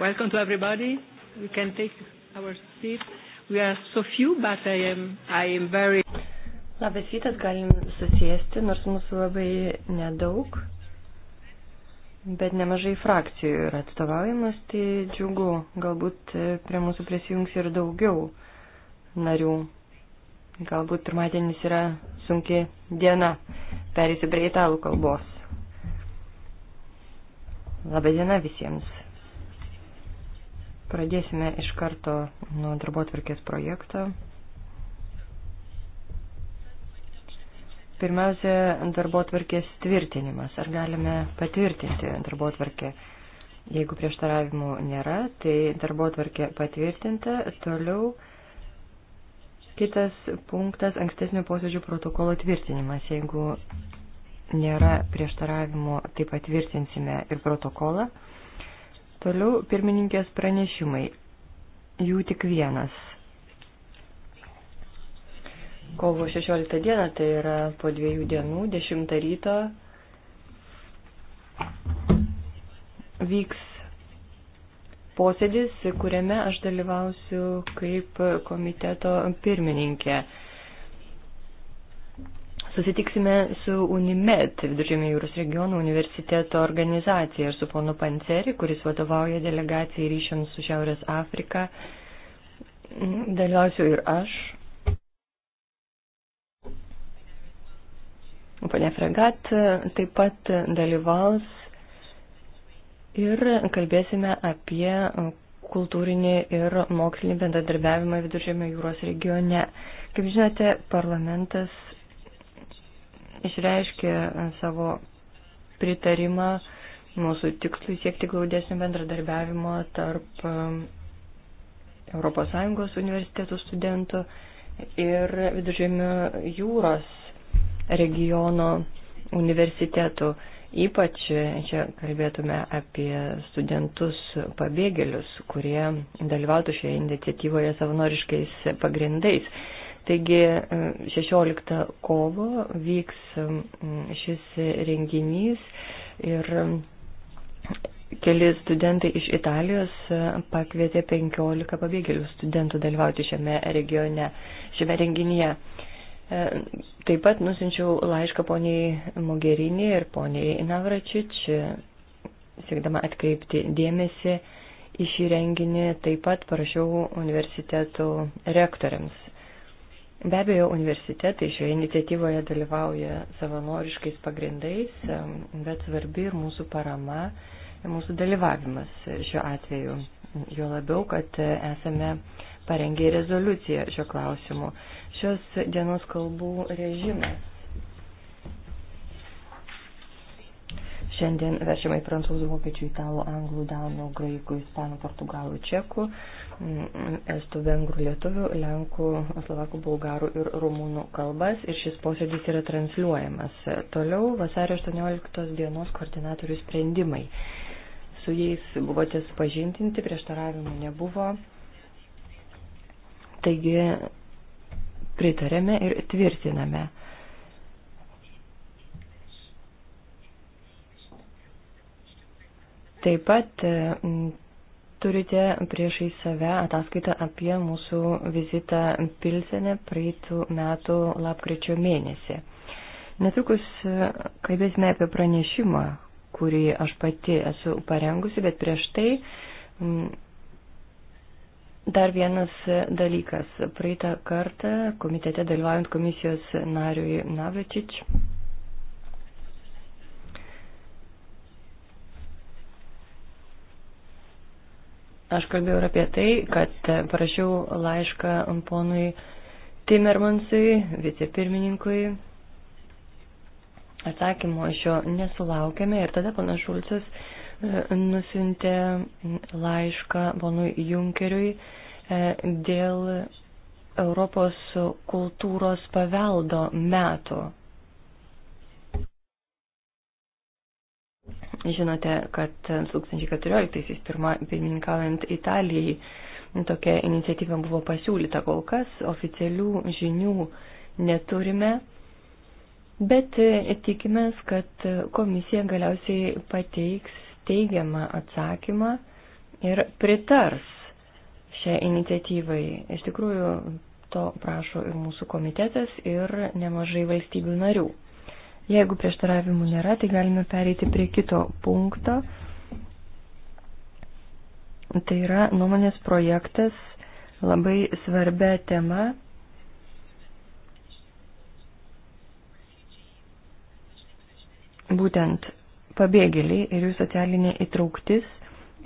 Welcome to everybody. We can take our seat. We are so few, but I am, I am very. Labas rytas, galim susėsti, nors mūsų labai nedaug, bet nemažai frakcijų yra atstovaujamas, tai džiugu, galbūt prie mūsų prisijungs ir daugiau narių. Galbūt pirmadienis yra sunki diena, perėsiu prie italų kalbos. Labadiena visiems. Pradėsime iš karto nuo darbo atvirkės projekto. Pirmiausia, darbo atvirkės tvirtinimas. Ar galime patvirtinti darbo atvirkę? Jeigu prieštaravimų nėra, tai darbo atvirkė patvirtinta. Toliau kitas punktas - ankstesnio posėdžio protokolo tvirtinimas. Jeigu nėra prieštaravimų, tai patvirtinsime ir protokolą. Toliau pirmininkės pranešimai. Jų tik vienas. Kovo 16 dieną, tai yra po dviejų dienų, 10 ryto, vyks posėdis, kuriame aš dalyvausiu kaip komiteto pirmininkė. Susitiksime su UNIMED, Viduržėmio jūros regionų universiteto organizacija, ir su ponu Panceri, kuris vadovauja delegacijai ryšiams su Šiaurės Afrika. Dalyvausiu ir aš. Pane Fregat taip pat dalyvaus ir kalbėsime apie kultūrinį ir mokslinį bendradarbiavimą Viduržėmio jūros regione. Kaip žinote, parlamentas išreiškė e, savo pritarimą mūsų tikslui siekti glaudesnio bendradarbiavimo tarp ES universitetų studentų ir viduržėmio jūros regiono universitetų. Ypač čia kalbėtume apie studentus pabėgėlius, kurie dalyvautų šioje iniciatyvoje savanoriškais pagrindais. Taigi 16 kovo vyks šis renginys ir keli studentai iš Italijos pakvietė 15 pabėgėlių studentų dalyvauti šiame regione, šiame renginyje. E, taip pat nusinčiau laišką poniai Mogerinį ir poniai Navračič, siekdama atkreipti dėmesį į šį renginį. Taip pat parašiau universitetų rektoriams Be abejo, universitetai šioje iniciatyvoje dalyvauja savanoriškais pagrindais, bet svarbi ir mūsų parama, ir mūsų dalyvavimas šiuo atveju. Jo labiau, kad esame parengė rezoliuciją šio klausimu. Šios dienos kalbų režimas. Šiandien verčiamai prancūzų, vokiečių, italų, anglų, danų, graikų, ispanų, portugalų, čekų estų, vengrų, lietuvių, lenkų, slovakų, bulgarų ir rumūnų kalbas ir šis posėdis yra transliuojamas. Toliau vasario 18 dienos koordinatorių sprendimai. Su jais buvote supažintinti, prieštaravimų nebuvo. Taigi pritarėme ir tvirtiname. Taip pat Turite priešai save ataskaitą apie mūsų vizitą Pilsenė praeitų metų lapkričio mėnesį. Netrukus e, kalbėsime apie pranešimą, kurį aš pati esu parengusi, bet prieš tai dar vienas dalykas. Praeitą kartą komitete dalyvaujant komisijos nariui Navračič Aš kalbėjau ir apie tai, kad parašiau laišką ponui Timmermansui, vicepirmininkui. Atsakymo iš jo nesulaukėme ir tada panas Šulcas e, nusintė laišką ponui Junkeriui e, dėl Europos kultūros paveldo metų. Žinote, kad 2014-aisiais pirmininkaujant Italijai tokia iniciatyva buvo pasiūlyta kol kas, oficialių žinių neturime, bet e, tikimės, kad komisija galiausiai pateiks teigiamą atsakymą ir pritars šią iniciatyvai. Iš tikrųjų, to prašo ir mūsų komitetas, ir nemažai valstybių narių. Jeigu prieštaravimų nėra, tai galime pereiti prie kito punkto. Tai yra nuomonės projektas labai svarbia tema. Būtent pabėgėliai ir jų socialinė įtrauktis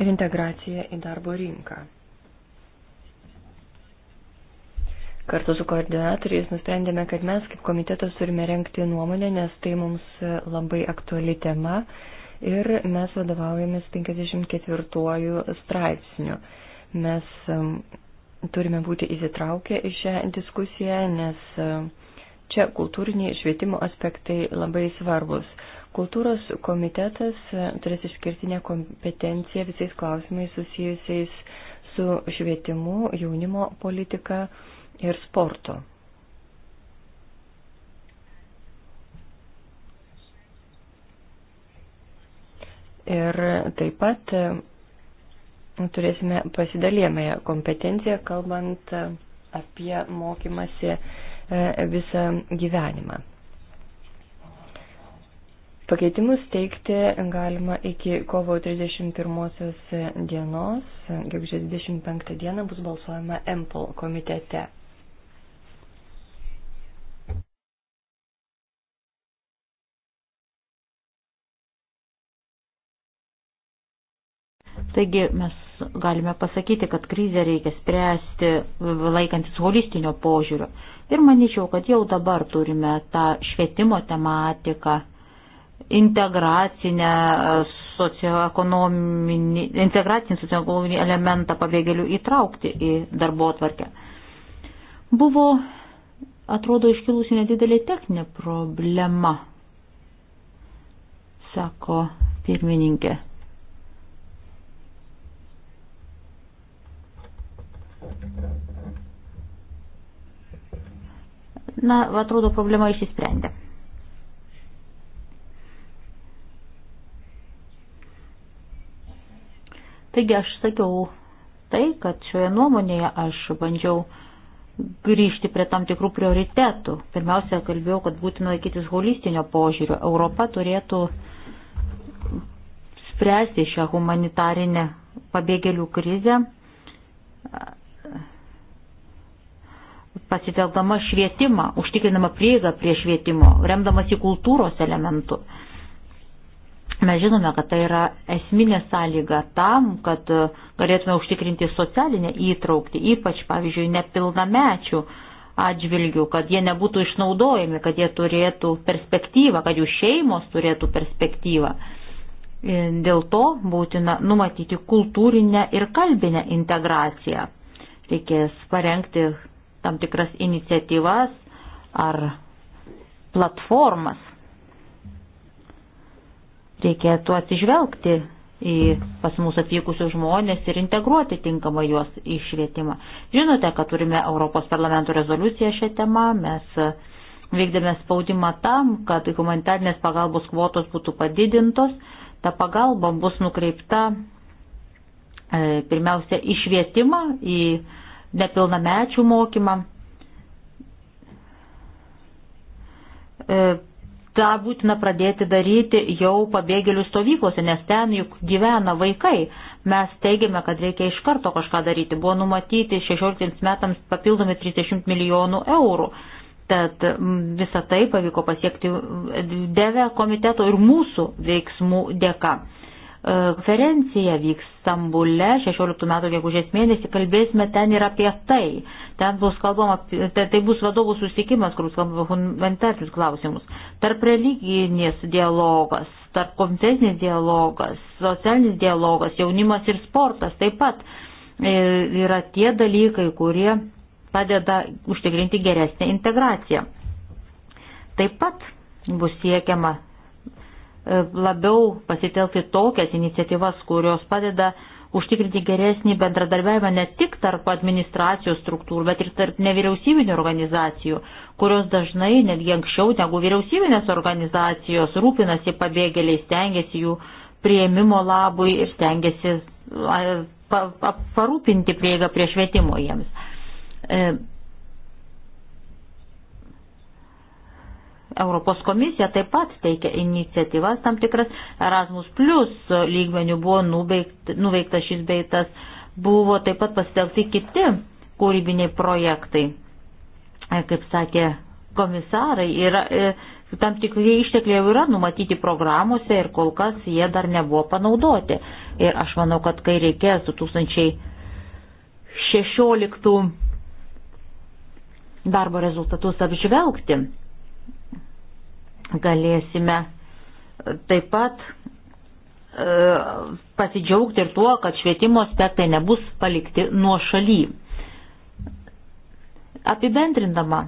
ir integracija į darbo rinką. Kartu su koordinatoriais nusprendėme, kad mes kaip komitetas turime renkti nuomonę, nes tai mums labai aktuali tema ir mes vadovaujamės 54 straipsniu. Mes um, turime būti įsitraukę į šią diskusiją, nes um, čia kultūriniai švietimo aspektai labai svarbus. Kultūros komitetas um, turės išskirtinę kompetenciją visais klausimais susijusiais su švietimu, jaunimo politika ir sporto. Ir taip pat e, turėsime pasidalėmąją kompetenciją, kalbant e, apie mokymasi e, visą gyvenimą. Pakeitimus teikti galima iki kovo 31 dienos, gegužės 25 dieną bus balsuojama EMPL komitete. Taigi mes galime pasakyti, kad krizę reikia spręsti laikantis holistinio požiūrio. Ir manyčiau, kad jau dabar turime tą švietimo tematiką, integracinę socioekonominį, integracinį socioekonominį elementą pabėgėlių įtraukti į darbo atvarkę. Buvo, atrodo, iškilusi nedidelė techninė problema, sako pirmininkė. Na, atrodo, problema išsisprendė. Taigi aš sakiau tai, kad šioje nuomonėje aš bandžiau grįžti prie tam tikrų prioritetų. Pirmiausia, kalbėjau, kad būtina laikytis holistinio požiūrio. Europa turėtų spręsti šią humanitarinę pabėgėlių krizę pasitelkdama švietimą, užtikrinama prieiga prie švietimo, remdamas į kultūros elementų. Mes žinome, kad tai yra esminė sąlyga tam, kad galėtume užtikrinti socialinę įtraukti, ypač, pavyzdžiui, nepilnamečių atžvilgių, kad jie nebūtų išnaudojami, kad jie turėtų perspektyvą, kad jų šeimos turėtų perspektyvą. Dėl to būtina numatyti kultūrinę ir kalbinę integraciją. Reikės parengti tam tikras iniciatyvas ar platformas. Reikėtų atsižvelgti į pas mus atvykusius žmonės ir integruoti tinkamą juos į švietimą. Žinote, kad turime Europos parlamento rezoliuciją šią temą, mes vykdėme spaudimą tam, kad humanitarnės pagalbos kvotos būtų padidintos, ta pagalba bus nukreipta e, pirmiausia į švietimą, į nepilnamečių mokymą. E, Ta būtina pradėti daryti jau pabėgėlių stovyklose, nes ten juk gyvena vaikai. Mes teigiame, kad reikia iš karto kažką daryti. Buvo numatyti 16 metams papildomi 30 milijonų eurų. Tad visą tai pavyko pasiekti DEVE komiteto ir mūsų veiksmų dėka. Konferencija vyks Stambule 16 metų gegužės mėnesį, kalbėsime ten ir apie tai. Ten bus kalbama, tai, tai bus vadovų susitikimas, kur bus kalbama humanitarinius klausimus. Tarp religinės dialogas, tarp konfesinis dialogas, socialinis dialogas, jaunimas ir sportas taip pat e, yra tie dalykai, kurie padeda užtikrinti geresnę integraciją. Taip pat bus siekiama E, labiau pasitelkti tokias iniciatyvas, kurios padeda užtikrinti geresnį bendradarbiavimą ne tik tarp administracijos struktūrų, bet ir tarp nevyriausybinių organizacijų, kurios dažnai netgi anksčiau negu vyriausybinės organizacijos rūpinasi pabėgėliais, stengiasi jų prieimimo labui ir stengiasi parūpinti prieigą prie švietimo jiems e, Europos komisija taip pat teikia iniciatyvas tam tikras Erasmus Plus lygmenių buvo nuveiktas šis beitas, buvo taip pat pasitelkti kiti kūrybiniai projektai, e, kaip sakė komisarai, yra, e, tam tikrai ištekliai jau yra numatyti programuose ir kol kas jie dar nebuvo panaudoti. Ir aš manau, kad kai reikės 2016 darbo rezultatus apžvelgti, galėsime taip pat e, pasidžiaugti ir tuo, kad švietimo aspektai nebus palikti nuo šaly. Apibendrindama,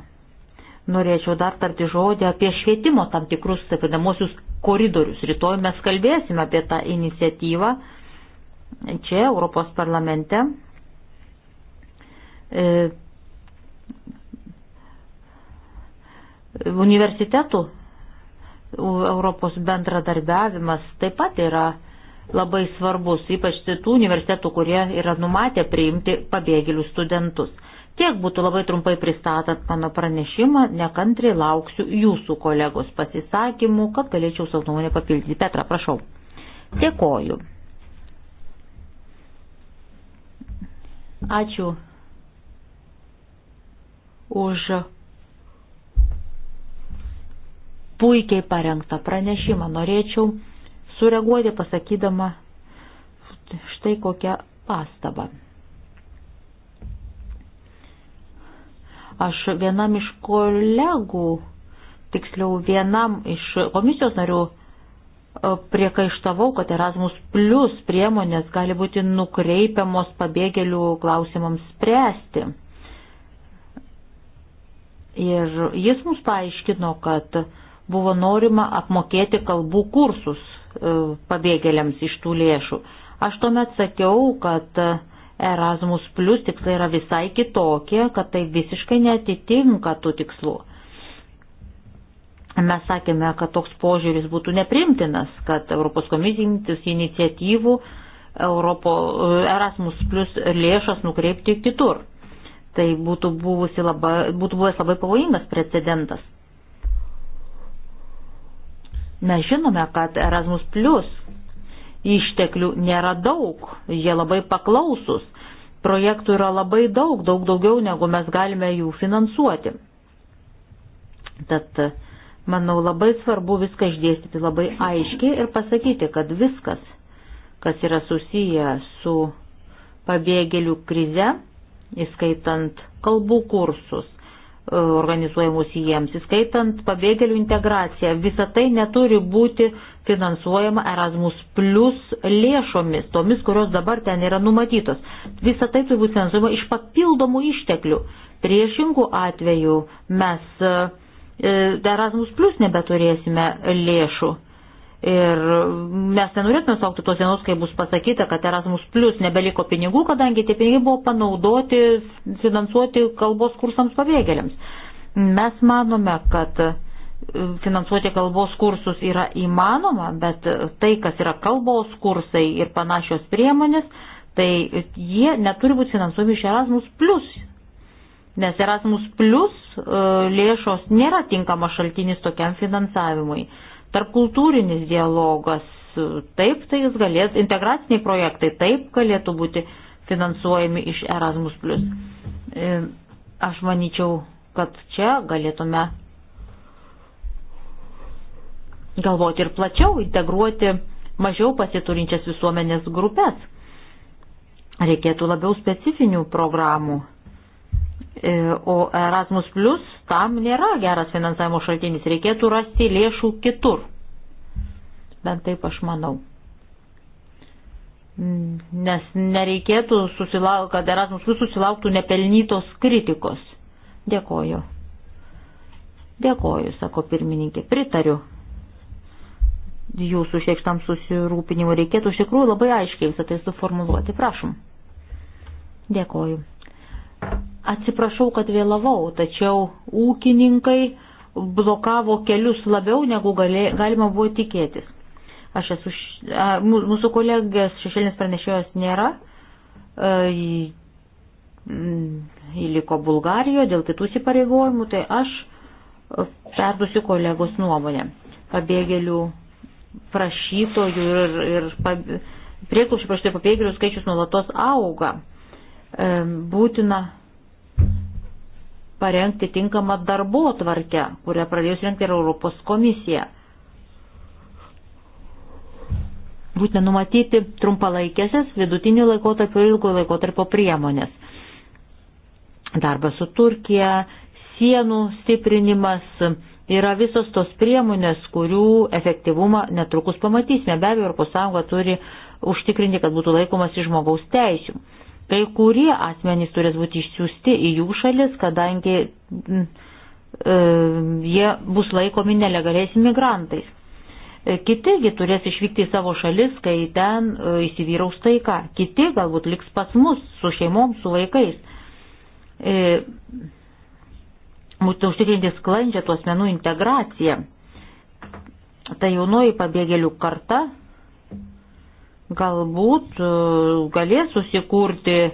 norėčiau dar tarti žodį apie švietimo tam tikrus, taip vadinamosius, koridorius. Rytoj mes kalbėsime apie tą iniciatyvą čia Europos parlamente. E, universitetų Europos bendradarbiavimas taip pat yra labai svarbus, ypač tų universitetų, kurie yra numatę priimti pabėgėlių studentus. Tiek būtų labai trumpai pristatant mano pranešimą, nekantriai lauksiu jūsų kolegos pasisakymų, kad galėčiau savo nuomonę papildyti. Petra, prašau. Dėkoju. Ačiū už puikiai parengtą pranešimą. Norėčiau sureaguoti pasakydama štai kokią pastabą. Aš vienam iš kolegų, tiksliau vienam iš komisijos narių e, priekaištavau, kad Erasmus plus priemonės gali būti nukreipiamos pabėgėlių klausimams spręsti. Ir jis mums paaiškino, kad buvo norima apmokėti kalbų kursus e, pabėgėliams iš tų lėšų. Aš tuomet sakiau, kad e, Erasmus Plus tikslai yra visai kitokie, kad tai visiškai netitinka tų tikslų. Mes sakėme, kad toks požiūris būtų neprimtinas, kad Europos komisijimtis iniciatyvų Europo, e, Erasmus Plus lėšas nukreipti kitur. Tai būtų, labai, būtų buvęs labai pavojingas precedentas. Mes žinome, kad Erasmus Plus išteklių nėra daug, jie labai paklausus, projektų yra labai daug, daug daugiau negu mes galime jų finansuoti. Tad, manau, labai svarbu viską išdėstyti labai aiškiai ir pasakyti, kad viskas, kas yra susiję su pabėgėlių krize, įskaitant kalbų kursus, organizuojamus jiems, įskaitant pabėgėlių integraciją. Visa tai neturi būti finansuojama Erasmus plus lėšomis, tomis, kurios dabar ten yra numatytos. Visa tai turi būti finansuojama iš papildomų išteklių. Priešingų atvejų mes e, Erasmus plus nebeturėsime lėšų. Ir mes nenorėtume saukti tos dienos, kai bus pasakyta, kad Erasmus Plus nebeliko pinigų, kadangi tie pinigai buvo panaudoti finansuoti kalbos kursams pabėgėliams. Mes manome, kad finansuoti kalbos kursus yra įmanoma, bet tai, kas yra kalbos kursai ir panašios priemonės, tai jie neturi būti finansuojami iš Erasmus Plus. Nes Erasmus Plus e, lėšos nėra tinkama šaltinis tokiam finansavimui. Tarpkultūrinis dialogas, taip tai jis galės, integraciniai projektai taip galėtų būti finansuojami iš Erasmus. E, aš manyčiau, kad čia galėtume galvoti ir plačiau, integruoti mažiau pasiturinčias visuomenės grupės. Reikėtų labiau specifinių programų E, o Erasmus Plus tam nėra geras finansavimo šaltinis, reikėtų rasti lėšų kitur. Bent taip aš manau. Nes nereikėtų, susilauk, kad Erasmus Plus susilauktų nepelnytos kritikos. Dėkoju. Dėkoju, sako pirmininkė, pritariu jūsų šiekštam susirūpinimu. Reikėtų iš tikrųjų labai aiškiai visą tai suformuluoti. Prašom. Dėkoju. Atsiprašau, kad vėlavau, tačiau ūkininkai blokavo kelius labiau, negu galė, galima buvo tikėtis. Aš esu, a, mūsų kolegės šešėlinis pranešėjas nėra, a, jį mm, liko Bulgarijoje dėl kitų įsipareigojimų, tai aš perdusiu kolegos nuomonę. Pabėgėlių prašytojų ir, ir pab... prieklušių prašytojų pabėgėlių skaičius nuolatos auga. Būtina parengti tinkamą darbo tvarkę, kurią pradėjus rengti ir Europos komisija. Būtina numatyti trumpalaikėsias, vidutinį laikotarpio ir ilgo laikotarpio priemonės. Darbas su Turkija, sienų stiprinimas yra visos tos priemonės, kurių efektyvumą netrukus pamatysime. Be abejo, ES turi užtikrinti, kad būtų laikomas į žmogaus teisių. Kai kurie asmenys turės būti išsiųsti į jų šalis, kadangi e, jie bus laikomi nelegaliais imigrantais. E, Kitigi turės išvykti į savo šalis, kai ten e, įsivyraus taika. Kiti galbūt liks pas mus su šeimom, su vaikais. E, Mūsų užtikrinti sklandžią tuos menų integraciją. Ta jaunoji pabėgėlių karta galbūt e, galės susikurti e,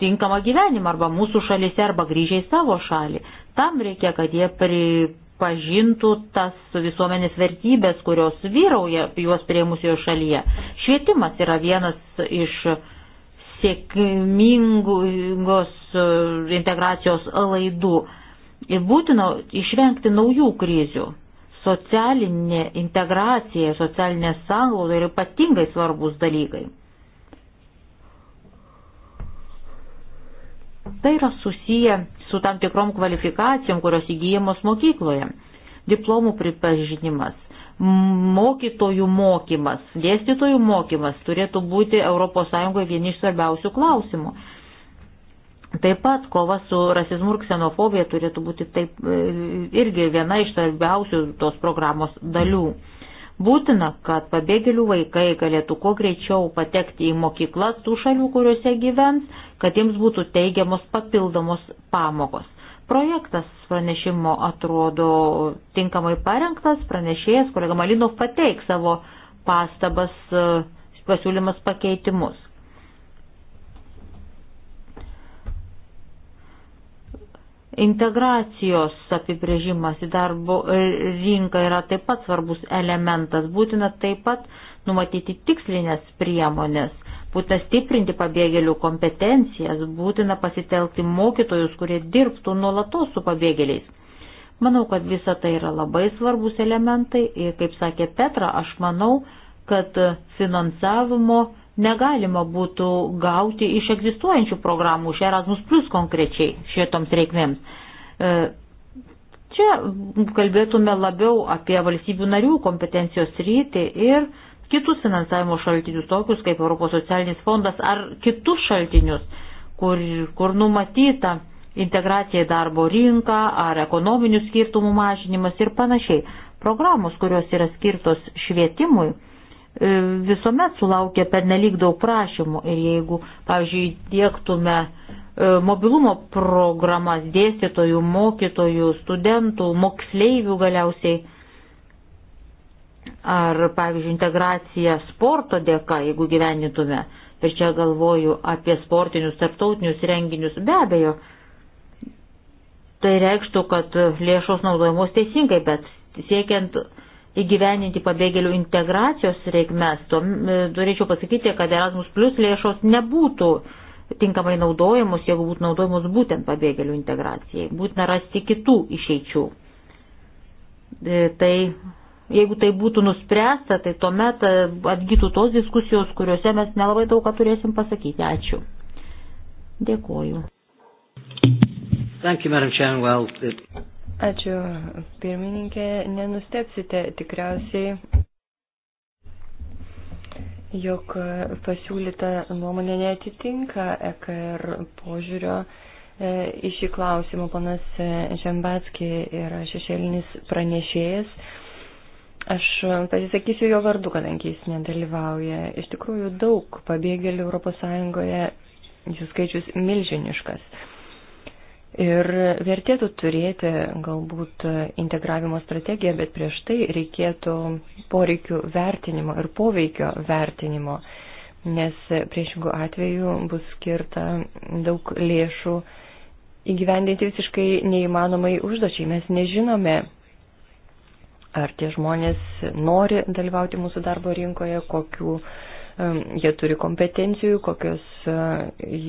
tinkamą gyvenimą arba mūsų šalyse, arba grįžę į savo šalį. Tam reikia, kad jie pripažintų tas visuomenės vertybės, kurios vyrauja juos prieimusioje šalyje. Švietimas yra vienas iš sėkmingos e, integracijos laidų. Ir būtina išvengti naujų krizių socialinė integracija, socialinė sanglauda yra ypatingai svarbus dalykai. Tai yra susiję su tam tikrom kvalifikacijom, kurios įgyjamos mokykloje. Diplomų pripažinimas, mokytojų mokymas, dėstytojų mokymas turėtų būti ES vieni iš svarbiausių klausimų. Taip pat kova su rasizmu ir ksenofobija turėtų būti taip, e, irgi viena iš svarbiausių tos programos dalių. Būtina, kad pabėgėlių vaikai galėtų kuo greičiau patekti į mokyklas tų šalių, kuriuose gyvens, kad jiems būtų teigiamos papildomos pamokos. Projektas pranešimo atrodo tinkamai parengtas, pranešėjas kolega Malinov pateiks savo pastabas, e, pasiūlymas pakeitimus. Integracijos apibrėžimas į darbo e, rinką yra taip pat svarbus elementas. Būtina taip pat numatyti tikslinės priemonės, būtina stiprinti pabėgėlių kompetencijas, būtina pasitelkti mokytojus, kurie dirbtų nuolatos su pabėgėliais. Manau, kad visa tai yra labai svarbus elementai ir, kaip sakė Petra, aš manau, kad finansavimo negalima būtų gauti iš egzistuojančių programų, iš Erasmus Plus konkrečiai šietoms reikmėms. E, čia kalbėtume labiau apie valstybių narių kompetencijos rytį ir kitus finansavimo šaltinius, tokius kaip Europos socialinis fondas ar kitus šaltinius, kur, kur numatyta integracija į darbo rinką ar ekonominių skirtumų mažinimas ir panašiai. Programos, kurios yra skirtos švietimui, E, visuomet sulaukia pernelyg daug prašymų ir jeigu, pavyzdžiui, dėktume e, mobilumo programas dėstytojų, mokytojų, studentų, moksleivių galiausiai, ar, pavyzdžiui, integraciją sporto dėka, jeigu gyvenytume, ir čia galvoju apie sportinius, tarptautinius renginius, be abejo, tai reikštų, kad lėšos naudojamos teisingai, bet siekiant įgyveninti pabėgėlių integracijos reikmes, turėčiau e, pasakyti, kad Erasmus Plus lėšos nebūtų tinkamai naudojamos, jeigu būtų naudojamos būtent pabėgėlių integracijai. Būtina rasti kitų išeičių. E, tai jeigu tai būtų nuspręsta, tai tuomet e, atgytų tos diskusijos, kuriuose mes nelabai daug ką turėsim pasakyti. Ačiū. Dėkoju. Thank you, Madam Chairman. Well, it... Ačiū, pirmininkė, nenustepsite tikriausiai, jog pasiūlyta nuomonė netitinka EKR požiūrio e, į šį klausimą. Panas Žembatski yra šešėlinis pranešėjas. Aš pasisakysiu jo vardu, kadangi jis nedalyvauja. Iš tikrųjų, daug pabėgėlių ES, jų skaičius milžiniškas. Ir vertėtų turėti galbūt integravimo strategiją, bet prieš tai reikėtų poreikių vertinimo ir poveikio vertinimo, nes priešingų atveju bus skirta daug lėšų įgyvendinti visiškai neįmanomai užduočiai. Mes nežinome, ar tie žmonės nori dalyvauti mūsų darbo rinkoje, kokiu jie turi kompetencijų, kokios e,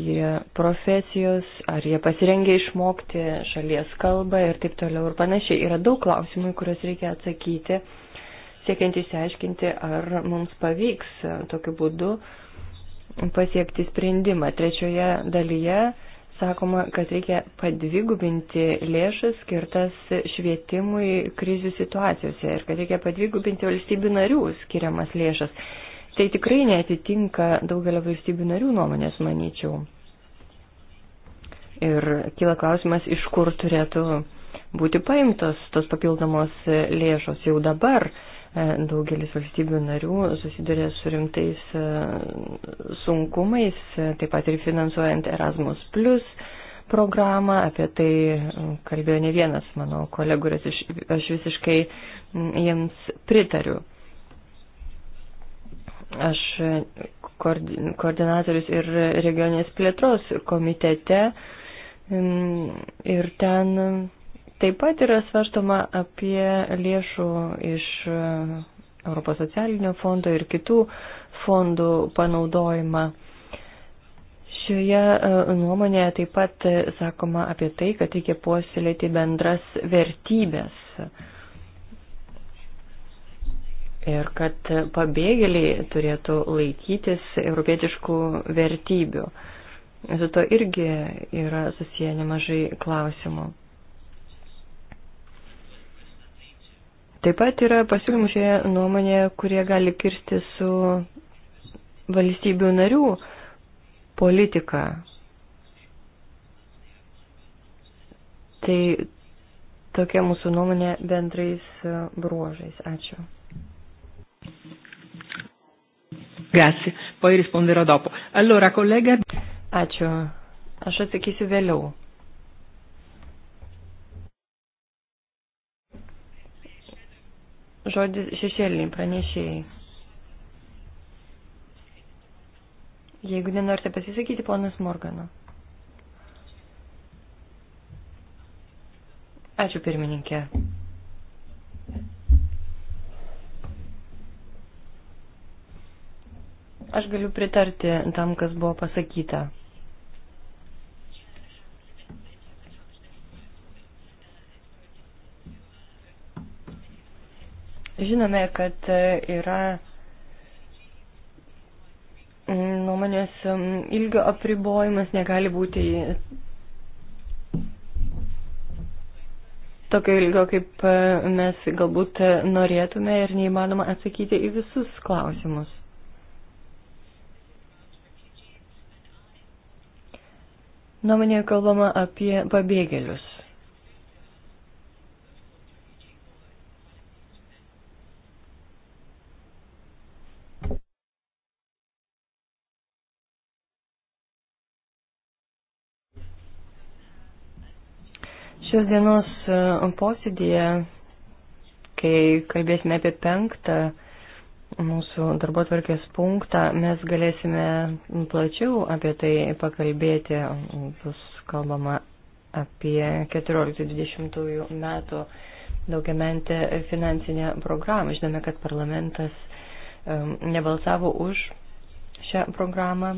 jie profesijos, ar jie pasirengia išmokti šalies kalbą ir taip toliau ir panašiai. Yra daug klausimų, kuriuos reikia atsakyti, siekiant išsiaiškinti, ar mums pavyks e, tokiu būdu pasiekti sprendimą. Trečioje dalyje sakoma, kad reikia padvigubinti lėšas skirtas švietimui krizių situacijose ir kad reikia padvigubinti valstybių narių skiriamas lėšas. Tai tikrai netitinka daugelio valstybių narių nuomonės, manyčiau. Ir kyla klausimas, iš kur turėtų būti paimtos tos papildomos lėšos jau dabar e, daugelis valstybių narių susiduria su rimtais e, sunkumais, e, taip pat ir finansuojant Erasmus Plus programą, apie tai kalbėjo ne vienas mano kolegų ir aš visiškai jiems pritariu. Aš e, koordinatorius ir regionės plėtros komitete ir ten taip pat yra svarstoma apie lėšų iš e, Europos socialinio fondo ir kitų fondų panaudojimą. Šioje e, nuomonėje taip pat sakoma apie tai, kad reikia puoselėti bendras vertybės ir kad pabėgėliai turėtų laikytis europietiškų vertybių. Su to irgi yra susiję nemažai klausimų. Taip pat yra pasiūlymų šioje nuomonėje, kurie gali kirsti su valstybių narių politika. Tai tokia mūsų nuomonė bendrais bruožais. Ačiū. Grazie, poi risponderò dopo. Allora, collega. Ačiū. Aš atsakysiu vėliau. Žodis šešėliniai pranešėjai. Jeigu nenorite pasisakyti, ponas Morgano. Ačiū pirmininkė. Aš galiu pritarti tam, kas buvo pasakyta. Žinome, kad yra nuomonės um, ilgio apribojimas, negali būti tokio ilgio, kaip uh, mes galbūt norėtume ir neįmanoma atsakyti į visus klausimus. Nuomonėje kalbama apie pabėgėlius. Šios dienos uh, posėdėje, kai kalbėsime apie penktą mūsų darbo tvarkės punktą, mes galėsime plačiau apie tai pakalbėti. Bus kalbama apie 14-20 metų daugiamentę finansinę programą. Žinome, kad parlamentas nebalsavo už šią programą,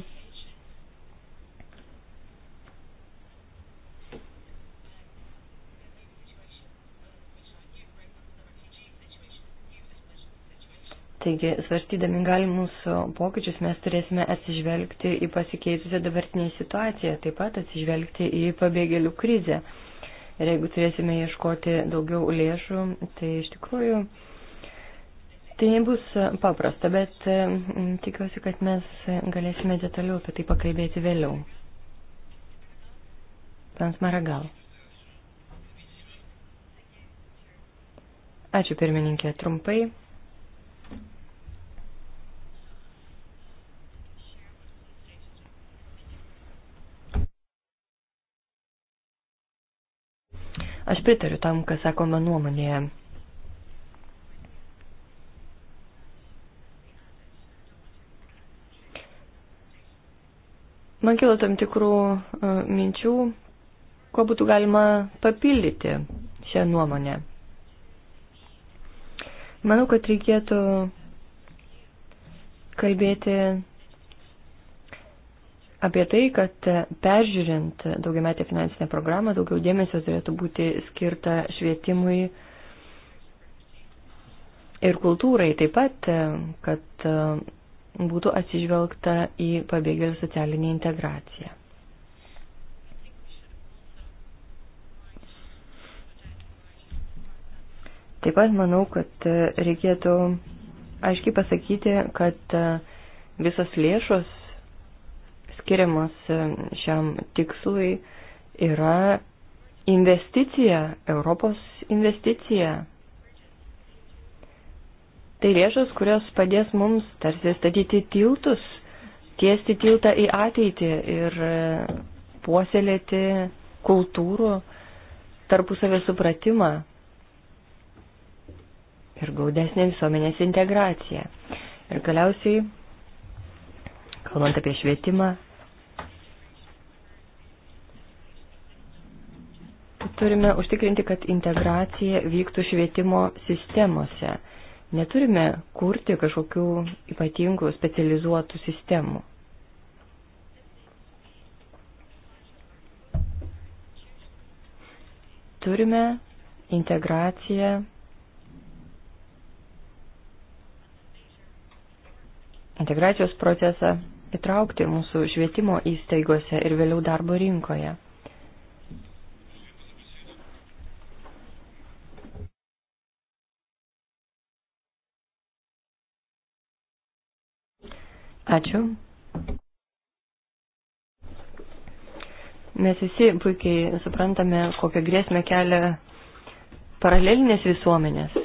Taigi, svarstydami galimus pokyčius, mes turėsime atsižvelgti į pasikeitusią dabartinį situaciją, taip pat atsižvelgti į pabėgėlių krizę. Ir jeigu turėsime ieškoti daugiau lėšų, tai iš tikrųjų tai nebus paprasta, bet mm, tikiuosi, kad mes galėsime detaliau apie tai pakalbėti vėliau. Pans Maragal. Ačiū pirmininkė, trumpai. Aš pritariu tam, kas sakoma nuomonėje. Man kilo tam tikrų e, minčių, kuo būtų galima papildyti šią nuomonę. Manau, kad reikėtų kalbėti apie tai, kad peržiūrint daugiametę finansinę programą daugiau dėmesio turėtų būti skirta švietimui ir kultūrai taip pat, kad būtų atsižvelgta į pabėgėlių socialinį integraciją. Taip pat manau, kad reikėtų aiškiai pasakyti, kad visos lėšos skiriamas e, šiam tikslui yra investicija, Europos investicija. Tai lėšos, kurios padės mums tarsi statyti tiltus, tiesti tiltą į ateitį ir e, puoselėti kultūrų tarpusavio supratimą ir gaudesnė visuomenės integracija. Ir galiausiai, kalbant apie švietimą, turime užtikrinti, kad integracija vyktų švietimo sistemose. Neturime kurti kažkokių ypatingų specializuotų sistemų. Turime integraciją integracijos procesą įtraukti mūsų švietimo įstaigose ir vėliau darbo rinkoje. Ačiū. Mes visi puikiai suprantame, kokią grėsmę kelia paralelinės visuomenės.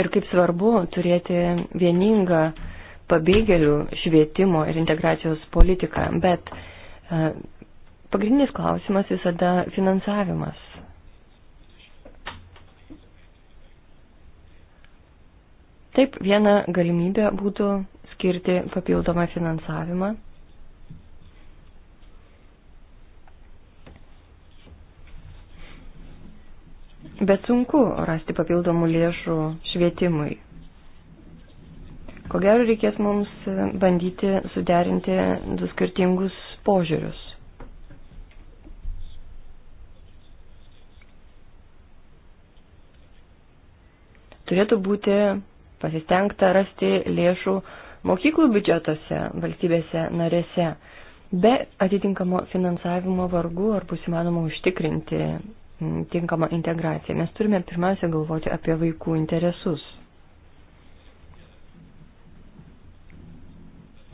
Ir kaip svarbu turėti vieningą pabėgėlių švietimo ir integracijos politiką. Bet e, pagrindinis klausimas visada finansavimas. Taip, viena galimybė būtų skirti papildomą finansavimą. Bet sunku rasti papildomų lėšų švietimui. Ko gero reikės mums bandyti suderinti du skirtingus požiūrius. Turėtų būti pasistengta rasti lėšų mokyklų biudžetuose valstybėse narėse. Be atitinkamo finansavimo vargu ar bus įmanoma užtikrinti tinkamą integraciją. Mes turime pirmiausia galvoti apie vaikų interesus.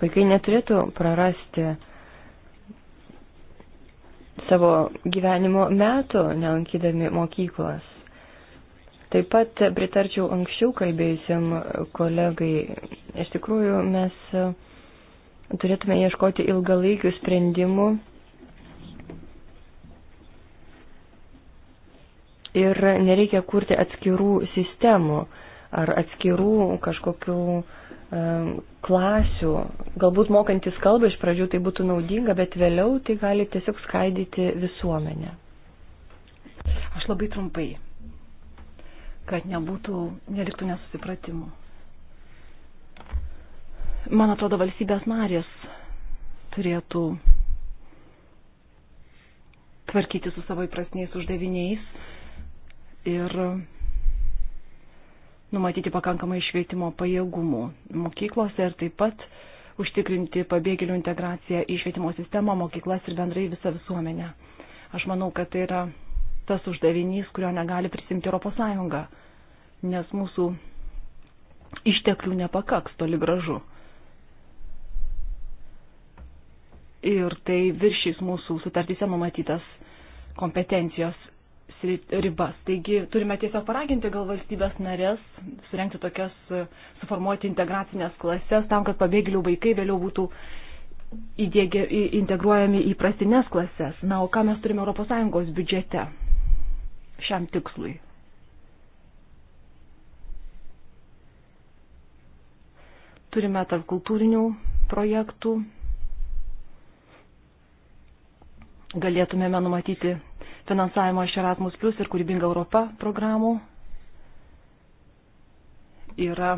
Vaikai neturėtų prarasti savo gyvenimo metų, nelankydami mokyklos. Taip pat pritarčiau anksčiau kalbėjusiam kolegai. Iš tikrųjų, mes e, turėtume ieškoti ilgalaikių sprendimų ir nereikia kurti atskirų sistemų ar atskirų kažkokių e, klasių. Galbūt mokantis kalbą iš pradžių tai būtų naudinga, bet vėliau tai gali tiesiog skaidyti visuomenę. Aš labai trumpai kad nebūtų, neliktų nesusipratimų. Man atrodo, valstybės narės turėtų tvarkyti su savo įprasniais uždaviniais ir numatyti pakankamai švietimo pajėgumų mokyklose ir taip pat užtikrinti pabėgėlių integraciją į švietimo sistemą, mokyklas ir bendrai visą visuomenę. Aš manau, kad tai yra tas uždavinys, kurio negali prisimti ES, nes mūsų išteklių nepakaks toli gražu. Ir tai viršys mūsų sutartyse numatytas kompetencijos ribas. Taigi turime tiesiog paraginti gal valstybės narės, surenkti tokias, suformuoti integracinės klases tam, kad pabėgėlių vaikai vėliau būtų įdėgė, integruojami į prastinės klases. Na, o ką mes turime ES biudžete? šiam tikslui. Turime tarp kultūrinių projektų. Galėtumėme numatyti finansavimo iš Erasmus Plus ir kūrybinga Europa programų. Yra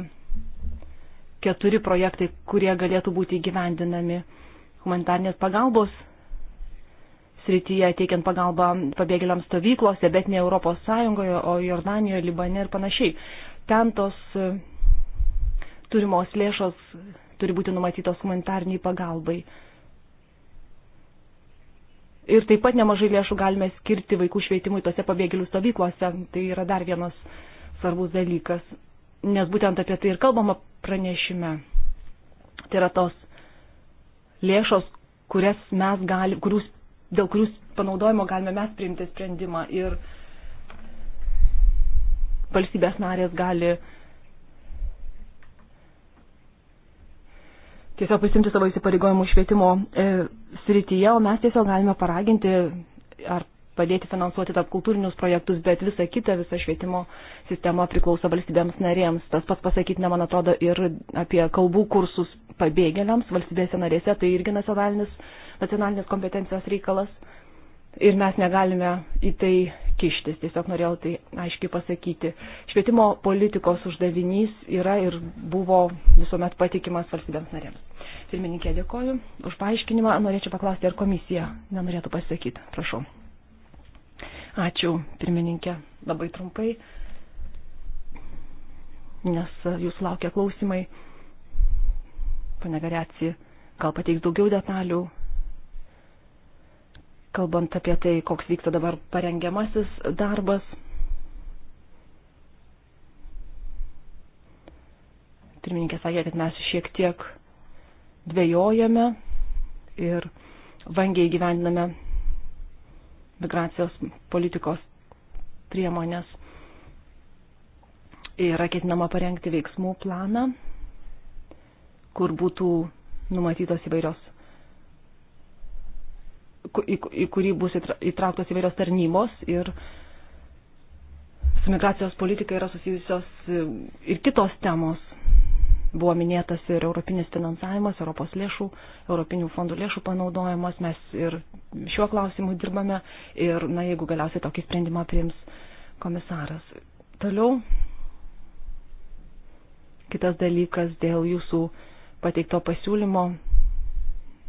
keturi projektai, kurie galėtų būti įgyvendinami humanitarnės pagalbos srityje, teikiant pagalbą pabėgėliams stovyklose, bet ne Europos Sąjungoje, o Jordanijoje, Libane ir panašiai. Ten tos e, turimos lėšos turi būti numatytos humanitarniai pagalbai. Ir taip pat nemažai lėšų galime skirti vaikų švietimui tose pabėgėlių stovyklose. Tai yra dar vienas svarbus dalykas, nes būtent apie tai ir kalbama pranešime. Tai yra tos lėšos, mes gali, kurių dėl kurių panaudojimo galime mes priimti sprendimą ir valstybės narės gali tiesiog prisimti savo įsipareigojimų švietimo e, srityje, o mes tiesiog galime paraginti ar padėti finansuoti tarp kultūrinius projektus, bet visa kita, visa švietimo sistema priklauso valstybėms narėms. Tas pats pasakytina, man atrodo, ir apie kalbų kursus pabėgėliams valstybėse narėse, tai irgi nacionalinis nacionalinės kompetencijos reikalas ir mes negalime į tai kištis. Tiesiog norėjau tai aiškiai pasakyti. Švietimo politikos uždavinys yra ir buvo visuomet patikimas valstybėms narėms. Pirmininkė, dėkoju už paaiškinimą. Norėčiau paklausti, ar komisija nenorėtų pasisakyti. Prašau. Ačiū, pirmininkė. Labai trumpai, nes jūs laukia klausimai. Pane Garecija, gal pateiks daugiau detalių kalbant apie tai, koks vyksta dabar parengiamasis darbas. Pirmininkė sakė, kad mes šiek tiek dvėjojame ir vangiai gyvendiname migracijos politikos priemonės. Yra ketinama parengti veiksmų planą, kur būtų numatytos įvairios į, į kurį bus įtrauktos įvairios tarnybos ir su migracijos politika yra susijusios e, ir kitos temos. Buvo minėtas ir europinis finansavimas, Europos lėšų, europinių fondų lėšų panaudojimas. Mes ir šiuo klausimu dirbame ir, na, jeigu galiausiai tokį sprendimą priims komisaras. Toliau kitas dalykas dėl jūsų pateikto pasiūlymo,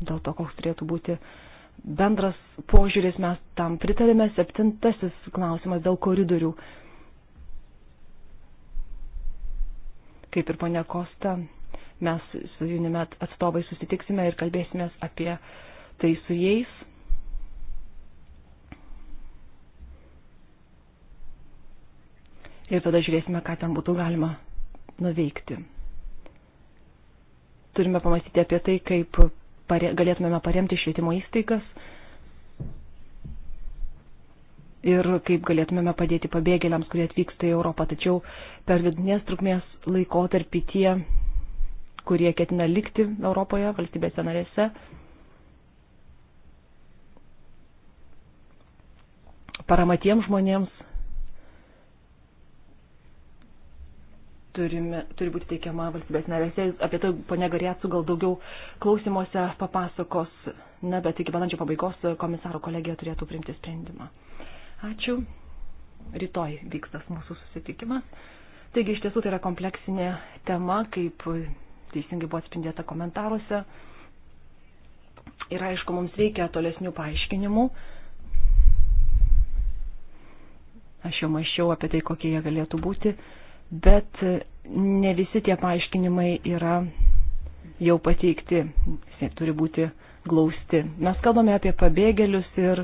dėl to, koks turėtų būti uh, bendras požiūris, mes tam pritarėme. Septintasis klausimas dėl koridorių. Kaip ir ponia Kosta, mes su Junime atstovai susitiksime ir kalbėsime apie tai su jais. Ir tada žiūrėsime, ką ten būtų galima nuveikti. Turime pamastyti apie tai, kaip pare, galėtumėme paremti švietimo įstaigas ir kaip galėtumėme padėti pabėgėliams, kurie atvyksta į Europą. Tačiau per vidinės trukmės laikotarpį tie, kurie ketina likti Europoje, valstybėse narėse, paramatiems žmonėms turime, turi būti teikiama valstybės narėse. Apie tai ponia Garėtsų gal daugiau klausimuose papasakos, na, bet iki balandžio pabaigos komisaro kolegija turėtų priimti sprendimą. Ačiū. Rytoj vyks tas mūsų susitikimas. Taigi iš tiesų tai yra kompleksinė tema, kaip teisingai buvo atspindėta komentaruose. Ir aišku, mums reikia tolesnių paaiškinimų. Aš jau mašiau apie tai, kokie jie galėtų būti bet ne visi tie paaiškinimai yra jau pateikti, jie turi būti glausti. Mes kalbame apie pabėgėlius ir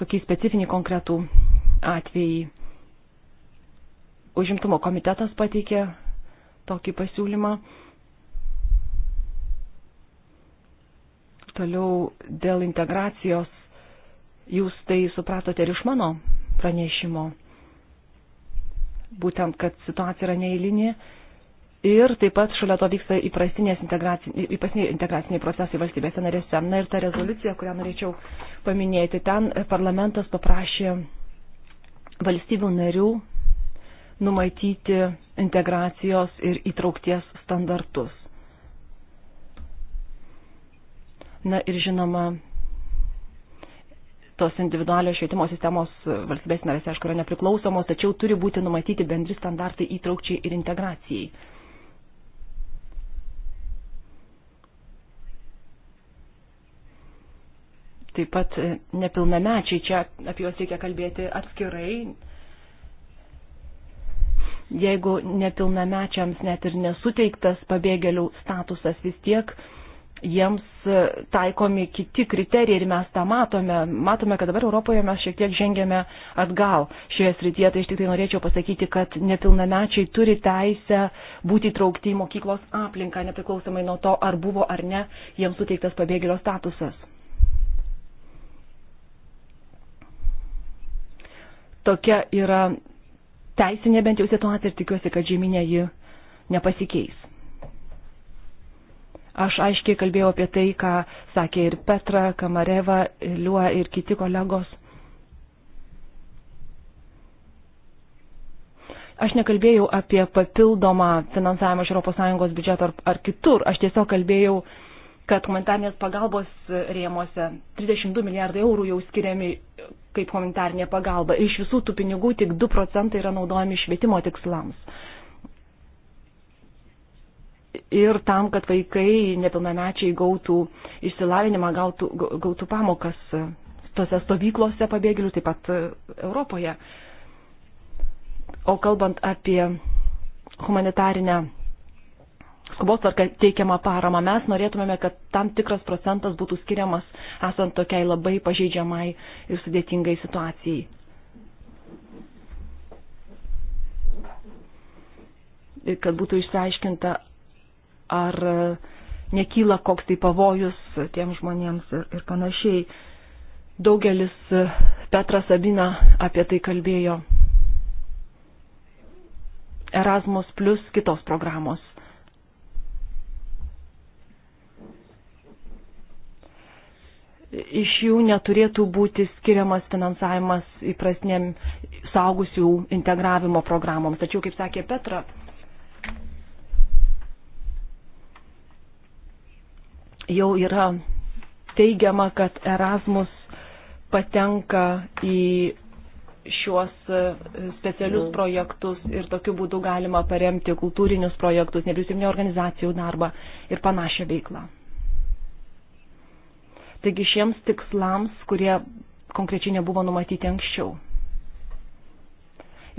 tokį specifinį konkretų atvejį. Užimtumo komitetas pateikė tokį pasiūlymą. Toliau dėl integracijos jūs tai supratote ir iš mano pranešimo būtent, kad situacija yra neįlinė. Ir taip pat šalia to vyksta įprastiniai integraciniai procesai valstybėse narėse. Na ir ta rezoliucija, kurią norėčiau paminėti, ten parlamentas paprašė valstybių narių numatyti integracijos ir įtraukties standartus. Na ir žinoma, tos individualios švietimo sistemos valstybės narėse, aišku, yra nepriklausomos, tačiau turi būti numatyti bendri standartai įtraukčiai ir integracijai. Taip pat e, nepilnamečiai, čia apie juos reikia kalbėti atskirai. Jeigu nepilnamečiams net ir nesuteiktas pabėgėlių statusas vis tiek, jiems e, taikomi kiti kriterijai ir mes tą matome. Matome, kad dabar Europoje mes šiek tiek žengėme atgal šioje srityje. Tai aš tik tai norėčiau pasakyti, kad nepilnamečiai turi teisę būti įtraukti į mokyklos aplinką, nepriklausomai nuo to, ar buvo ar ne jiems suteiktas pabėgėlio statusas. Tokia yra teisinė bent jau situacija ir tikiuosi, kad žyminė ji nepasikeis. Aš aiškiai kalbėjau apie tai, ką sakė ir Petra, Kamareva, ir Liuo ir kiti kolegos. Aš nekalbėjau apie papildomą finansavimą iš ES biudžeto ar, ar kitur. Aš tiesiog kalbėjau, kad humanitarnės pagalbos rėmose 32 milijardai eurų jau skiriami kaip humanitarnė pagalba. Iš visų tų pinigų tik 2 procentai yra naudojami švietimo tikslams ir tam, kad vaikai nepilnamečiai gautų išsilavinimą, gautų, gautų pamokas tose stovyklose pabėgėlių, taip pat Europoje. O kalbant apie humanitarinę skubos tvarką teikiamą paramą, mes norėtumėme, kad tam tikras procentas būtų skiriamas esant tokiai labai pažeidžiamai ir sudėtingai situacijai. kad būtų išsiaiškinta, ar nekyla koks tai pavojus tiem žmonėms ir, ir panašiai. Daugelis Petras Abina apie tai kalbėjo. Erasmus plus kitos programos. Iš jų neturėtų būti skiriamas finansavimas įprasnėm saugusių integravimo programoms. Tačiau, kaip sakė Petra, jau yra teigiama, kad Erasmus patenka į šiuos e, specialius mm. projektus ir tokiu būdu galima paremti kultūrinius projektus, nevyriausybinio organizacijų darbą ir panašią veiklą. Taigi šiems tikslams, kurie konkrečiai nebuvo numatyti anksčiau.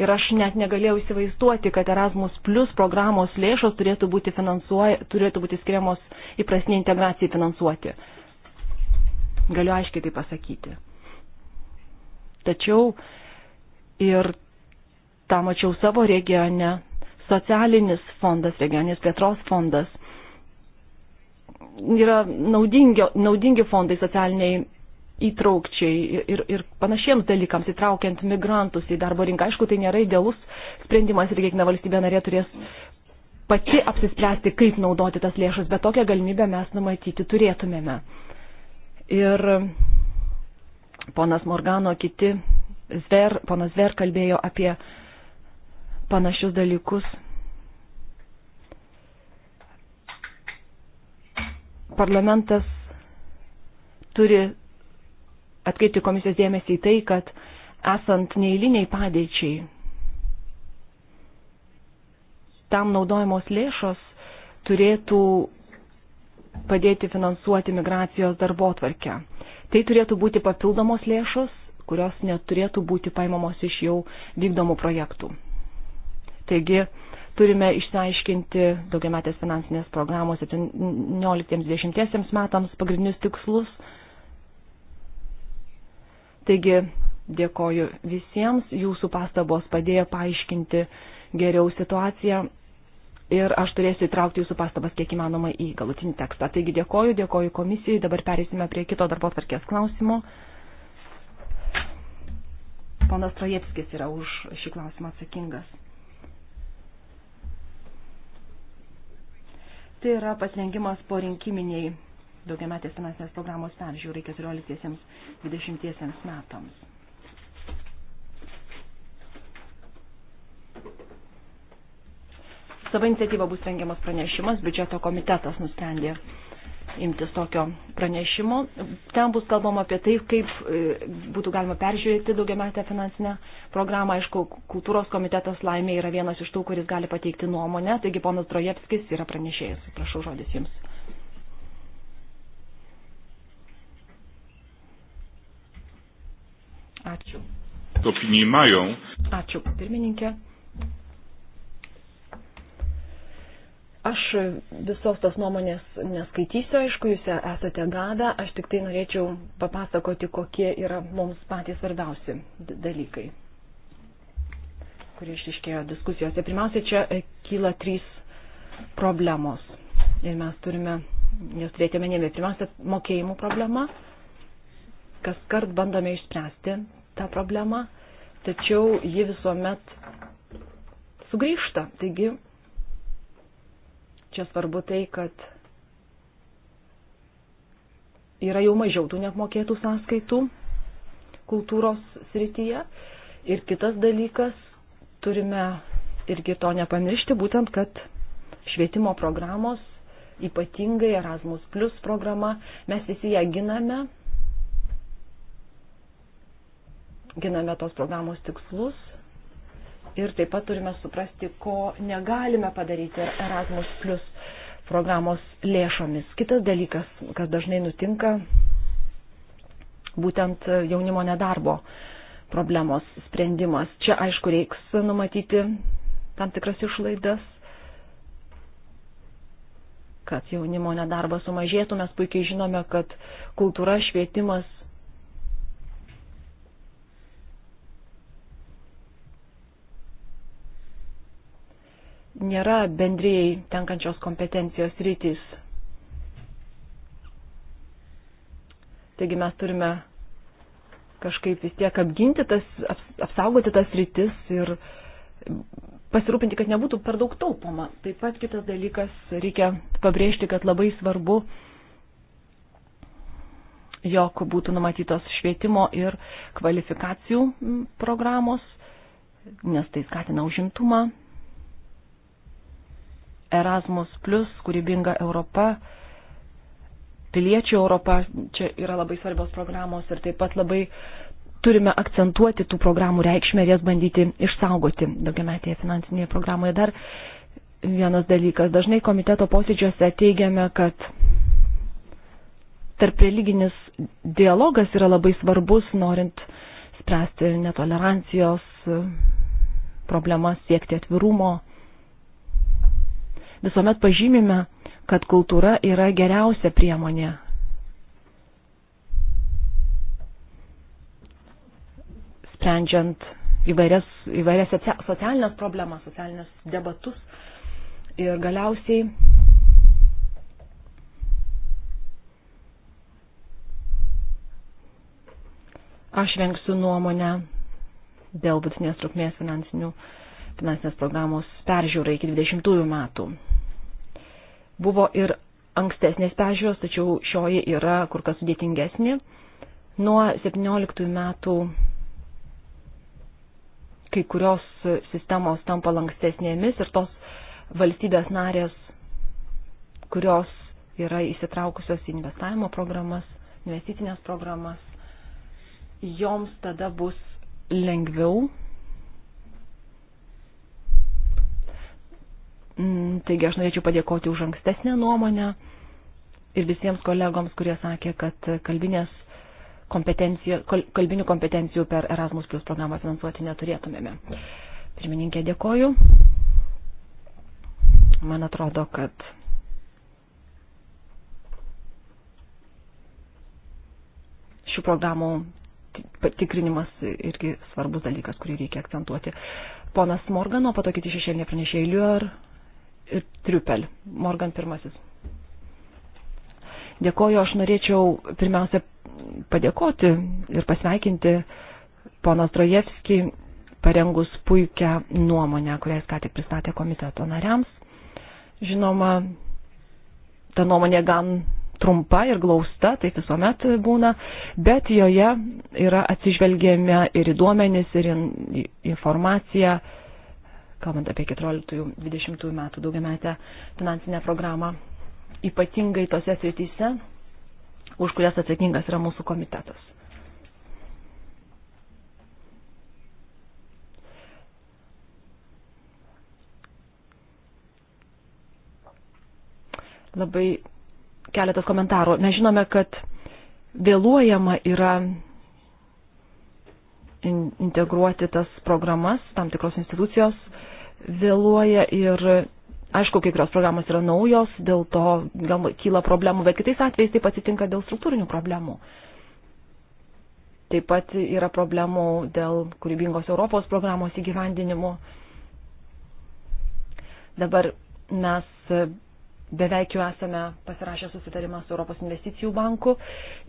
Ir aš net negalėjau įsivaizduoti, kad Erasmus Plus programos lėšos turėtų būti, turėtų būti skiriamos įprasniai integracijai finansuoti. Galiu aiškiai tai pasakyti. Tačiau ir tą mačiau savo regione, socialinis fondas, regioninis plėtros fondas yra naudingi, naudingi fondai socialiniai įtraukčiai ir, ir panašiems dalykams, įtraukiant migrantus į darbo rinką. Aišku, tai nėra idealus sprendimas ir kiekviena valstybė narė turės pati apsispręsti, kaip naudoti tas lėšas, bet tokią galimybę mes numatyti turėtumėme. Ir ponas Morgano, kiti, Zver, ponas Zver kalbėjo apie panašius dalykus. Parlamentas turi atkreipti komisijos dėmesį į tai, kad esant neįliniai padėčiai, tam naudojamos lėšos turėtų padėti finansuoti migracijos darbo tvarkę. Tai turėtų būti papildomos lėšos, kurios neturėtų būti paimamos iš jau vykdomų projektų. Taigi, turime išsiaiškinti daugiametės finansinės programos 17-20 metams pagrindinius tikslus Taigi dėkoju visiems, jūsų pastabos padėjo paaiškinti geriau situaciją ir aš turėsiu įtraukti jūsų pastabas kiek įmanoma į galutinį tekstą. Taigi dėkoju, dėkoju komisijai, dabar perėsime prie kito darbo tvarkės klausimo. Ponas Trojevskis yra už šį klausimą atsakingas. Tai yra pasirengimas po rinkiminiai daugiametės finansinės programos peržiūrai 14-20 metams. Savo iniciatyvą bus rengiamas pranešimas, biudžeto komitetas nusprendė imtis tokio pranešimo. Ten bus kalbama apie tai, kaip e, būtų galima peržiūrėti daugiametę finansinę programą. Aišku, kultūros komitetas laimė yra vienas iš tų, kuris gali pateikti nuomonę. Taigi, ponas Drojevskis yra pranešėjas. Prašau žodis jums. Ačiū. Opinijai mają. Ačiū, pirmininkė. Aš visos tos nuomonės neskaitysiu, aišku, jūs esate gada, aš tik tai norėčiau papasakoti, kokie yra mums patys svarbiausi dalykai, kurie išiškėjo diskusijose. Pirmiausia, čia kyla trys problemos ir mes turime jas turėti menėme. Pirmiausia, mokėjimų problema, kas kart bandome išspręsti tą problemą, tačiau ji visuomet sugrįžta. Taigi, čia svarbu tai, kad yra jau mažiau tų neapmokėtų sąskaitų kultūros srityje. Ir kitas dalykas, turime irgi to nepamiršti, būtent, kad švietimo programos, ypatingai Erasmus Plus programa, mes visi ją giname, giname tos programos tikslus ir taip pat turime suprasti, ko negalime padaryti Erasmus Plus programos lėšomis. Kitas dalykas, kas dažnai nutinka, būtent jaunimo nedarbo problemos sprendimas. Čia, aišku, reiks numatyti tam tikras išlaidas, kad jaunimo nedarbas sumažėtų. Mes puikiai žinome, kad kultūra, švietimas nėra bendrijai tenkančios kompetencijos rytis. Taigi mes turime kažkaip vis tiek apginti tas, apsaugoti tas rytis ir pasirūpinti, kad nebūtų per daug taupoma. Taip pat kitas dalykas, reikia pabrėžti, kad labai svarbu, jog būtų numatytos švietimo ir kvalifikacijų programos, nes tai skatina užimtumą, Erasmus, kūrybinga Europa, piliečių Europa, čia yra labai svarbios programos ir taip pat labai turime akcentuoti tų programų reikšmę ir jas bandyti išsaugoti daugiametėje finansinėje programoje. Dar vienas dalykas, dažnai komiteto posėdžiuose teigiame, kad tarp religinis dialogas yra labai svarbus, norint spręsti netolerancijos problemas, siekti atvirumo visuomet pažymime, kad kultūra yra geriausia priemonė. Sprendžiant įvairias, įvairias socialinės problemas, socialinės debatus ir galiausiai aš rengsiu nuomonę dėl vidutinės trukmės finansinių finansinės programos peržiūrą iki 20 metų. Buvo ir ankstesnės pežiūros, tačiau šioji yra kur kas sudėtingesnė. Nuo 17 metų kai kurios sistemos tampa lankstesnėmis ir tos valstybės narės, kurios yra įsitraukusios į investavimo programas, investicinės programas, joms tada bus lengviau Mm, taigi aš norėčiau padėkoti už ankstesnę nuomonę ir visiems kolegoms, kurie sakė, kad kalbinės kompetencijų, kalbinių kompetencijų per Erasmus Plus programą finansuoti neturėtumėme. Pirmininkė, dėkoju. Man atrodo, kad šių programų patikrinimas irgi svarbus dalykas, kurį reikia akcentuoti. Ponas Morgano, patokyti šešėlinė pranešėjai Liur, ir Triupel. Morgan pirmasis. Dėkoju, aš norėčiau pirmiausia padėkoti ir pasveikinti poną Trojevskį, parengus puikią nuomonę, kurią jis ką tik pristatė komiteto nariams. Žinoma, ta nuomonė gan trumpa ir glausta, taip visuomet būna, bet joje yra atsižvelgiama ir į duomenis, ir į informaciją, kalbant apie 14-20 metų daugiametę finansinę programą, ypatingai tose srityse, už kurias atsakingas yra mūsų komitetas. Labai keletas komentarų. Mes žinome, kad vėluojama yra integruoti tas programas, tam tikros institucijos vėluoja ir aišku, kai kurios programos yra naujos, dėl to gal kyla problemų, bet kitais atvejais taip atsitinka dėl struktūrinių problemų. Taip pat yra problemų dėl kūrybingos Europos programos įgyvendinimo. Dabar mes beveik jau esame pasirašę susitarimą su Europos investicijų banku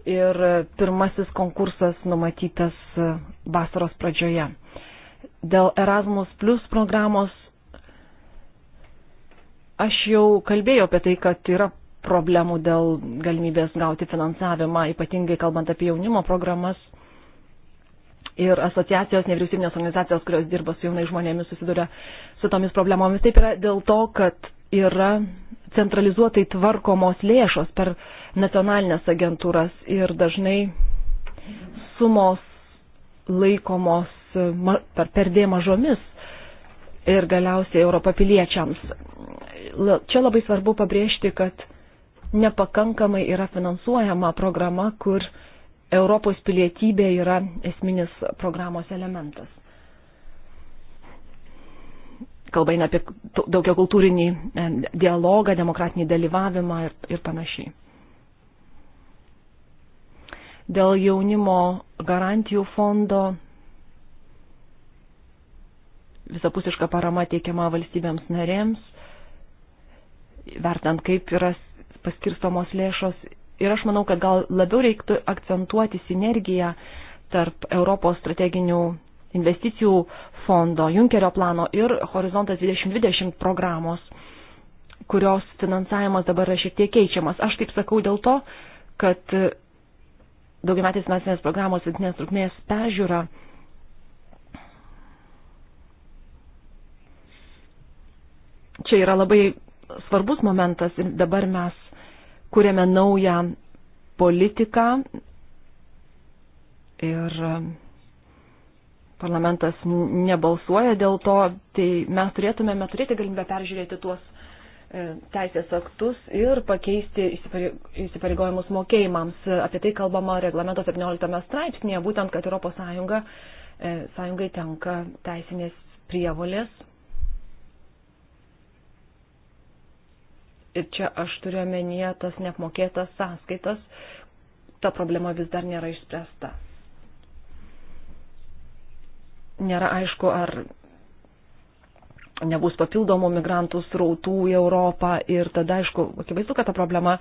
ir pirmasis konkursas numatytas vasaros pradžioje. Dėl Erasmus Plus programos Aš jau kalbėjau apie tai, kad yra problemų dėl galimybės gauti finansavimą, ypatingai kalbant apie jaunimo programas. Ir asociacijos, nevyriausybinės organizacijos, kurios dirba su jaunais žmonėmis, susiduria su tomis problemomis. Taip yra dėl to, kad yra centralizuotai tvarkomos lėšos per nacionalinės agentūras ir dažnai sumos laikomos per, per dėmažomis ir galiausiai Europapiliečiams Nu, čia labai svarbu pabrėžti, kad nepakankamai yra finansuojama programa, kur Europos pilietybė yra esminis programos elementas. Kalba eina apie daugia kultūrinį e, dialogą, demokratinį dalyvavimą ir, ir panašiai. Dėl jaunimo garantijų fondo visapusiška parama teikiama valstybėms narėms vertinant, kaip yra paskirstomos lėšos. Ir aš manau, kad gal labiau reiktų akcentuoti sinergiją tarp Europos strateginių investicijų fondo, Junkerio plano ir Horizontas 2020 programos, kurios finansavimas dabar yra šiek tiek keičiamas. Aš taip sakau dėl to, kad daugiametės finansinės programos vidinės trukmės peržiūra čia yra labai svarbus momentas ir dabar mes kuriame naują politiką ir e, parlamentas nebalsuoja dėl to, tai mes turėtumėme turėti galimybę peržiūrėti tuos e, teisės aktus ir pakeisti įsipareigojimus mokėjimams. Apie tai kalbama reglamento 17 straipsnėje, būtent, kad ES e, sąjungai tenka teisinės prievolės Ir čia aš turiu omenyje tas neapmokėtas sąskaitas, ta problema vis dar nėra išspręsta. Nėra aišku, ar nebus papildomų migrantų srautų į Europą ir tada, aišku, akivaizdu, kad ta problema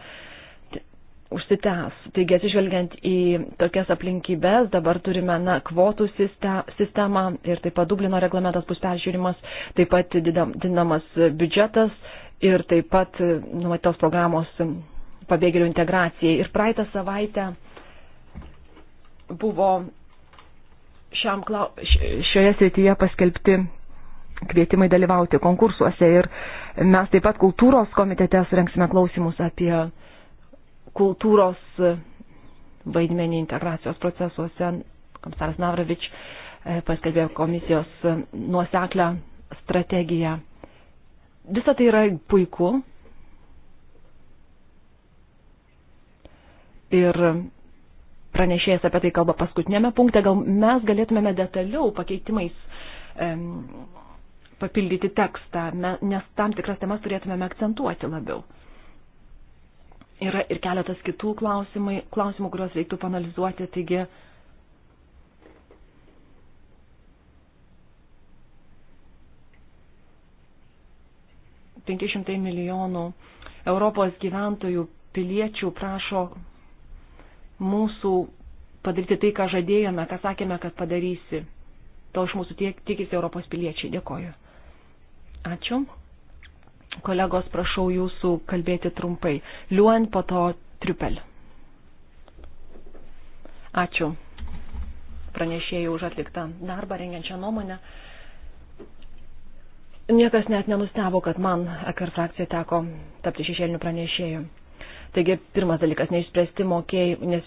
užsitęs. Taigi, atsižvelgiant į tokias aplinkybės, dabar turime na, kvotų sistemą ir taip pat Dublino reglamentas bus peržiūrimas, taip pat didinamas biudžetas ir taip pat e, numatytos programos e, pabėgėlių integracijai. Ir praeitą savaitę buvo šiam, šioje srityje paskelbti kvietimai dalyvauti konkursuose ir mes taip pat kultūros komitete surenksime klausimus apie kultūros e, vaidmenį integracijos procesuose. Kamsaras Navravič paskelbė komisijos nuoseklę strategiją Visą tai yra puiku. Ir pranešėjas apie tai kalba paskutinėme punkte, gal mes galėtumėme detaliau pakeitimais em, papildyti tekstą, nes tam tikras temas turėtumėme akcentuoti labiau. Yra ir keletas kitų klausimai, klausimų, kuriuos reiktų panalizuoti, taigi 500 milijonų Europos gyventojų piliečių prašo mūsų padaryti tai, ką žadėjome, ką sakėme, kad padarysi. To iš mūsų tiek, tikisi Europos piliečiai. Dėkoju. Ačiū. Kolegos, prašau jūsų kalbėti trumpai. Liuon, po to triupel. Ačiū pranešėjai už atliktą darbą rengiančią nuomonę. Niekas net nenustebo, kad man ekar frakcija teko tapti šešėliniu pranešėju. Taigi pirmas dalykas - neišspręstų mokėjimų,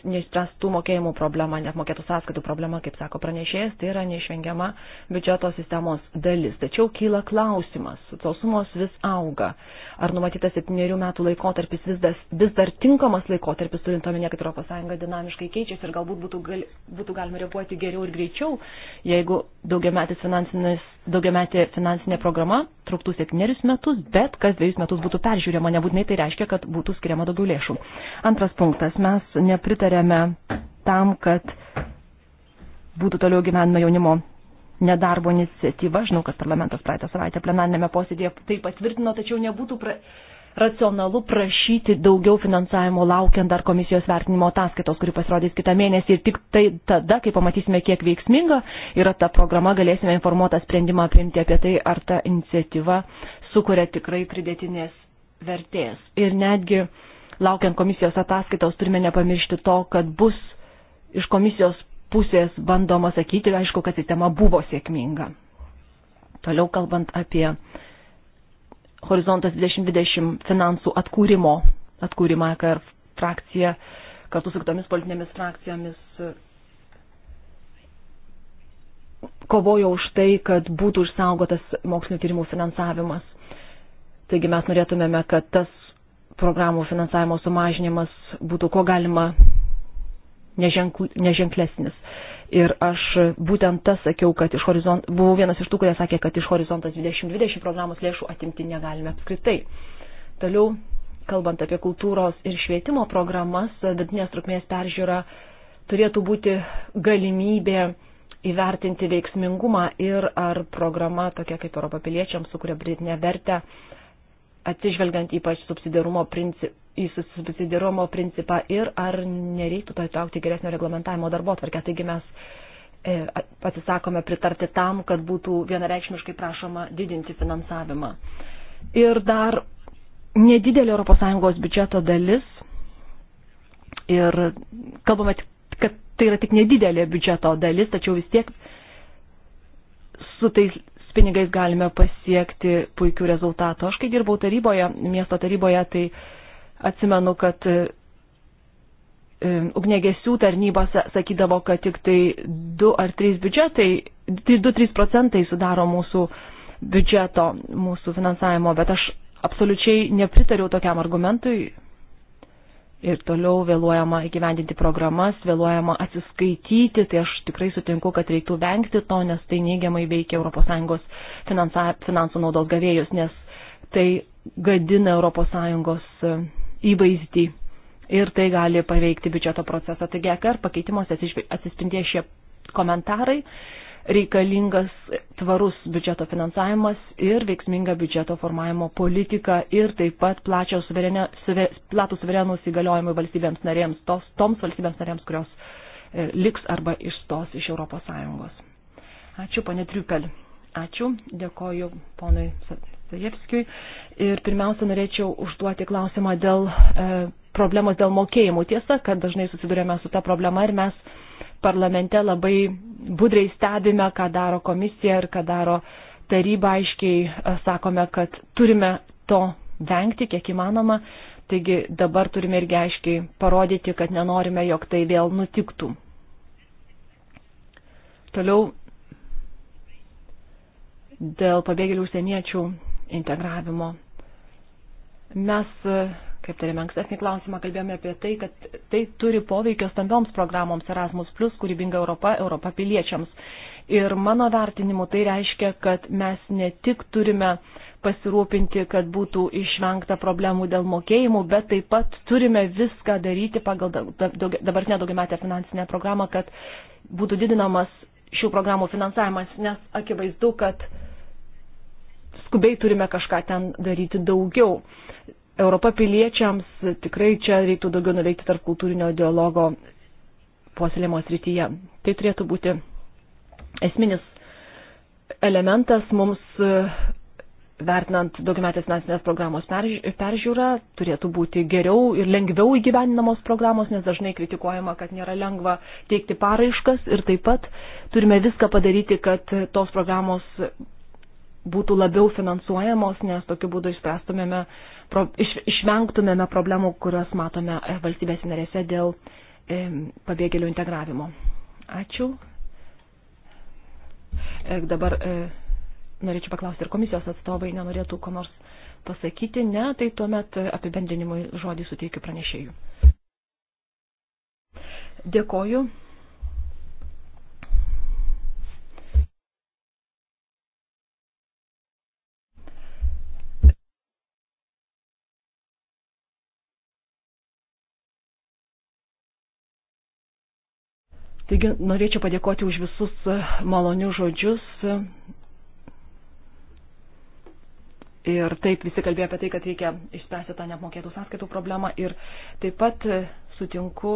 mokėjimų problema, neapmokėtų sąskaitų problema, kaip sako pranešėjas, tai yra neišvengiama biudžeto sistemos dalis. Tačiau kyla klausimas, tos sumos vis auga. Ar numatytas septyniarių metų laikotarpis vis dar, vis dar tinkamas laikotarpis, turint omenyje, kad ES dinamiškai keičiasi ir galbūt būtų, gal, būtų galima reaguoti geriau ir greičiau, jeigu daugiametė finansinė programa truktų septynerius metus, bet kas dviejus metus būtų peržiūrėma, nebūtinai tai reiškia, kad būtų skiriama daugiau lėšų lėšų. Antras punktas. Mes nepritarėme tam, kad būtų toliau gyvenama jaunimo nedarbo iniciatyva. Žinau, kad parlamentas praeitą savaitę plenarinėme posėdėje tai patvirtino, tačiau nebūtų pra... racionalu prašyti daugiau finansavimo, laukiant dar komisijos vertinimo ataskaitos, kuri pasirodys kitą mėnesį. Ir tik tai tada, kai pamatysime, kiek veiksminga yra ta programa, galėsime informuotą sprendimą priimti apie tai, ar ta iniciatyva sukuria tikrai pridėtinės vertės. Ir netgi uh, laukiant komisijos ataskaitos turime nepamiršti to, kad bus iš komisijos pusės bandoma sakyti, aišku, kad sistema buvo sėkminga. Toliau kalbant apie Horizontas 2020 finansų atkūrimo, atkūrimą, kad frakcija kartu su kitomis politinėmis frakcijomis kovojo už tai, kad būtų išsaugotas mokslinio tyrimų finansavimas. Taigi mes norėtumėme, kad tas programų finansavimo sumažinimas būtų kuo galima neženkl, neženklesnis. Ir aš būtent tas sakiau, kad iš horizontų, buvau vienas iš tų, kurie sakė, kad iš horizontas 2020 programos lėšų atimti negalime apskritai. Toliau, kalbant apie kultūros ir švietimo programas, datinės trukmės peržiūra turėtų būti galimybė įvertinti veiksmingumą ir ar programa tokia kaip Europo piliečiams sukuria pridėtinę vertę atsižvelgiant ypač subsidiarumo principą į subsidiarumo principą ir ar nereiktų to įtraukti geresnio reglamentavimo darbo tvarkę. Taigi mes e, atsisakome pritarti tam, kad būtų vienareikšmiškai prašoma didinti finansavimą. Ir dar nedidelė ES biudžeto dalis ir kalbame, kad tai yra tik nedidelė biudžeto dalis, tačiau vis tiek su tais pinigais galime pasiekti puikių rezultatų. Aš kai dirbau taryboje, miesto taryboje, tai atsimenu, kad e, ugnegesių tarnybos sakydavo, kad tik tai 2 ar 3 biudžetai, 2-3 tai procentai sudaro mūsų biudžeto, mūsų finansavimo, bet aš absoliučiai nepritariau tokiam argumentui, ir toliau vėluojama įgyvendinti programas, vėluojama atsiskaityti, tai aš tikrai sutinku, kad reiktų vengti to, nes tai neigiamai veikia ES finansų naudos gavėjus, nes tai gadina ES įvaizdį ir tai gali paveikti biudžeto procesą. Taigi, EKR pakeitimuose atsispindė šie komentarai reikalingas tvarus biudžeto finansavimas ir veiksminga biudžeto formavimo politika ir taip pat suverenė, suve, platų suverenus įgaliojimai valstybėms narėms, tos, toms valstybėms narėms, kurios e, liks arba išstos iš ES. Ačiū, ponė Triupel. Ačiū, dėkoju ponui Sajevskijui. Ir pirmiausia, norėčiau užduoti klausimą dėl e, problemos dėl mokėjimų. Tiesa, kad dažnai susidurėme su ta problema ir mes parlamente labai budriai stebime, ką daro komisija ir ką daro taryba, aiškiai e, sakome, kad turime to vengti kiek įmanoma. Taigi dabar turime irgi aiškiai parodyti, kad nenorime, jog tai vėl nutiktų. Toliau dėl pabėgėlių užsieniečių integravimo. Mes e, kaip turime ankstesnį klausimą, kalbėjome apie tai, kad tai turi poveikio stambioms programoms Erasmus, kūrybinga Europa, Europa piliečiams. Ir mano vertinimu tai reiškia, kad mes ne tik turime pasirūpinti, kad būtų išvengta problemų dėl mokėjimų, bet taip pat turime viską daryti pagal dabartinę daugiametę finansinę programą, kad būtų didinamas šių programų finansavimas, nes akivaizdu, kad skubiai turime kažką ten daryti daugiau. Europa piliečiams tikrai čia reiktų daugiau nuveikti tarp kultūrinio dialogo puoselėjimo srityje. Tai turėtų būti esminis elementas mums e, vertinant daugiametės nacinės programos peržiūrą, turėtų būti geriau ir lengviau įgyveninamos programos, nes dažnai kritikuojama, kad nėra lengva teikti paraiškas ir taip pat turime viską padaryti, kad tos programos būtų labiau finansuojamos, nes tokiu būdu išspręstumėme uh, pro, iš, išvengtumėme problemų, kurios matome e, valstybės narėse dėl e, pabėgėlių integravimo. Ačiū. E, dabar e, norėčiau paklausti, ar komisijos atstovai nenorėtų ko nors pasakyti. Ne, tai tuomet e, apibendrinimui žodį suteikiu pranešėjų. Dėkoju. Taigi norėčiau padėkoti už visus e, malonius žodžius. Ir taip visi kalbėjo apie tai, kad reikia išspręsti tą neapmokėtų sąskaitų problemą. Ir taip pat e, sutinku,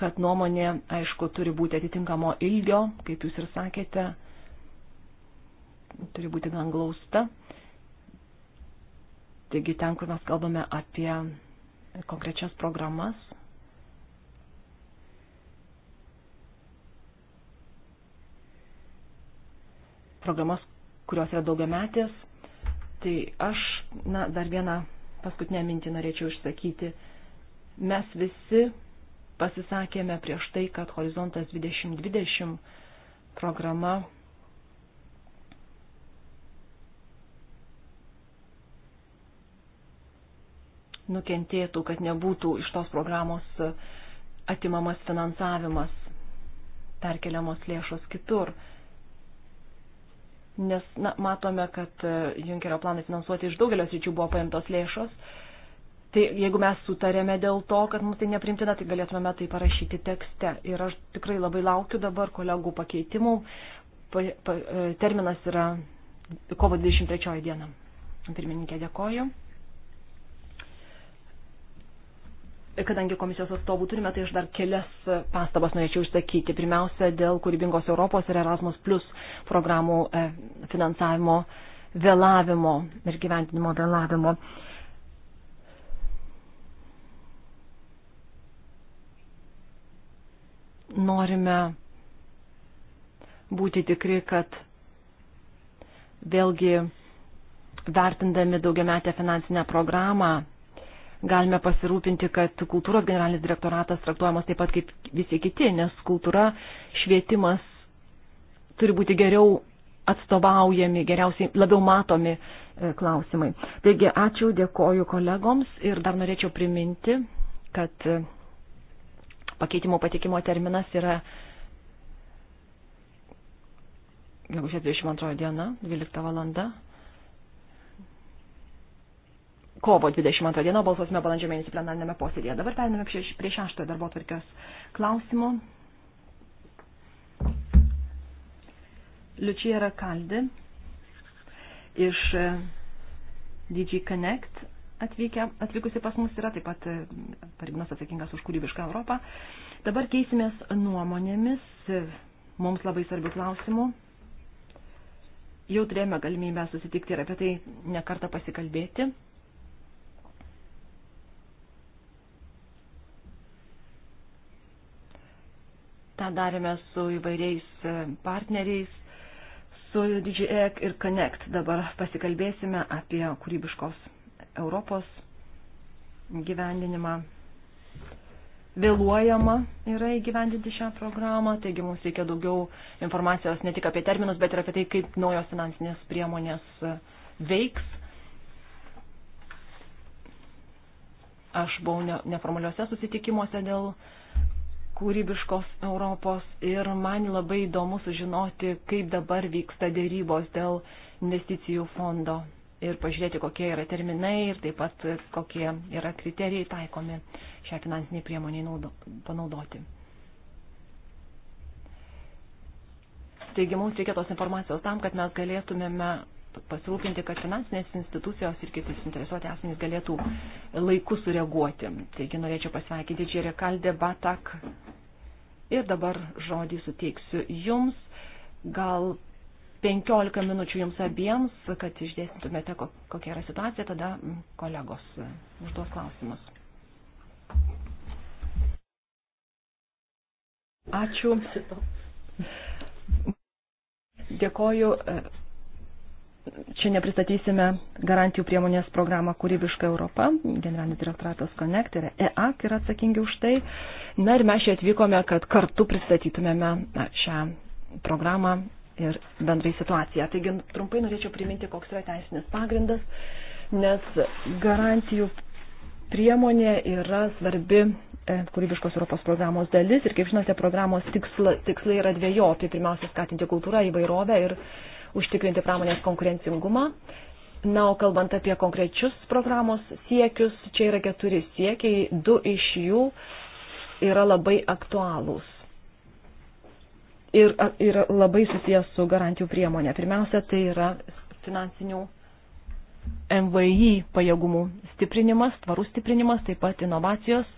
kad nuomonė, aišku, turi būti atitinkamo ilgio, kaip jūs ir sakėte, turi būti gan glausta. Taigi ten, kur mes kalbame apie konkrečias programas. Programas, kurios yra daugiametės. Tai aš, na, dar vieną paskutinę mintį norėčiau išsakyti. Mes visi pasisakėme prieš tai, kad Horizontas 2020 programa nukentėtų, kad nebūtų iš tos programos e, atimamas finansavimas, perkeliamos lėšos kitur. Nes na, matome, kad e, Junkerio planai finansuoti iš daugelio sričių buvo paimtos lėšos. Tai jeigu mes sutarėme dėl to, kad mums tai neprimtina, tai galėtumėme tai parašyti tekste. Ir aš tikrai labai laukiu dabar kolegų pakeitimų. Pa, pa, e, terminas yra kovo 23 diena. Pirmininkė dėkoju. kadangi komisijos atstovų turime, tai aš dar kelias pastabas norėčiau išsakyti. Pirmiausia, dėl kūrybingos Europos ir Erasmus Plus programų e, finansavimo vėlavimo ir gyventinimo vėlavimo. Norime būti tikri, kad vėlgi vertindami daugiametę finansinę programą galime pasirūpinti, kad kultūros generalinis direktoratas traktuojamas taip pat kaip visi kiti, nes kultūra, švietimas turi būti geriau atstovaujami, geriausiai labiau matomi e, klausimai. Taigi, ačiū, dėkoju kolegoms ir dar norėčiau priminti, kad e, pakeitimo patikimo terminas yra gegužės 22 diena, 12 valanda kovo 22 dieną, balsuosime balandžio mėnesį plenarinėme posėdėje. Dabar perėmėme prie, prie šeštojo darbo tvarkios klausimo. Liučija Rakaldi iš e, DG Connect atvykę, atvykusi pas mus yra taip pat e, pareigūnas atsakingas už kūrybišką Europą. Dabar keisimės nuomonėmis e, mums labai svarbių klausimų jau turėjome galimybę susitikti ir apie tai nekartą pasikalbėti. tą darėme su įvairiais e, partneriais, su DigiEC ir Connect. Dabar pasikalbėsime apie kūrybiškos Europos gyvendinimą. Vėluojama yra įgyvendinti šią programą, taigi mums reikia daugiau informacijos ne tik apie terminus, bet ir apie tai, kaip naujos finansinės priemonės e, veiks. Aš buvau neformaliuose susitikimuose dėl uh, kūrybiškos Europos ir man labai įdomu sužinoti, kaip dabar vyksta dėrybos dėl investicijų fondo ir pažiūrėti, kokie yra terminai ir taip pat kokie yra kriterijai taikomi šią finansinį priemonį naudo, panaudoti. Taigi mums reikia tos informacijos tam, kad mes galėtumėme pasirūpinti, kad finansinės institucijos ir kiti suinteresuoti asmenys galėtų laiku sureaguoti. Taigi norėčiau pasveikinti Džerį Kaldę Batak ir dabar žodį suteiksiu jums. Gal 15 minučių jums abiems, kad išdėstytumėte, kokia yra situacija, tada kolegos užduos klausimus. Ačiū. Dėkoju čia nepristatysime garantijų priemonės programą Kūrybiška Europa, generalinis direktoratas Connect ir EAC yra atsakingi už tai. Na ir mes čia atvykome, kad kartu pristatytumėme na, šią programą ir bendrai situaciją. Taigi trumpai norėčiau priminti, koks yra teisinis pagrindas, nes garantijų priemonė yra svarbi e, kūrybiškos Europos programos dalis ir, kaip žinote, programos tiksla, tikslai yra dviejopi. Pirmiausia, skatinti kultūrą įvairovę ir užtikrinti pramonės konkurencingumą. Na, o kalbant apie konkrečius programos siekius, čia yra keturi siekiai, du iš jų yra labai aktualūs ir, ir labai susijęs su garantijų priemonė. Pirmiausia, tai yra finansinių MVI pajėgumų stiprinimas, tvarus stiprinimas, taip pat inovacijos,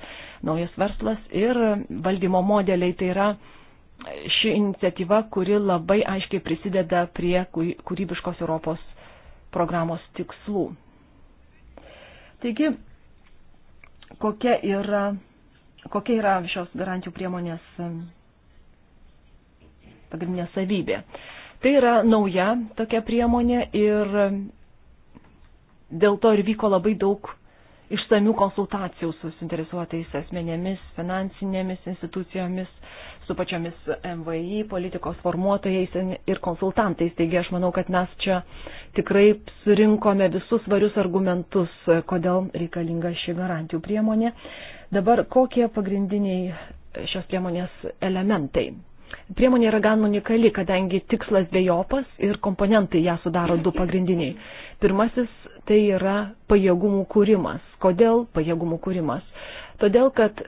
naujas verslas ir valdymo modeliai. Tai yra ši iniciatyva, kuri labai aiškiai prisideda prie kūrybiškos Europos programos tikslų. Taigi, kokia yra, kokia yra šios garantijų priemonės pagrindinė savybė? Tai yra nauja tokia priemonė ir dėl to ir vyko labai daug išsamių konsultacijų su suinteresuotais asmenėmis, finansinėmis institucijomis, su pačiomis MVI, politikos formuotojais ir konsultantais. Taigi aš manau, kad mes čia tikrai surinkome visus svarius argumentus, kodėl reikalinga ši garantijų priemonė. Dabar kokie pagrindiniai šios priemonės elementai? Priemonė yra gan unikali, kadangi tikslas dviejopas ir komponentai ją sudaro du pagrindiniai. Pirmasis tai yra pajėgumų kūrimas. Kodėl pajėgumų kūrimas? Todėl, kad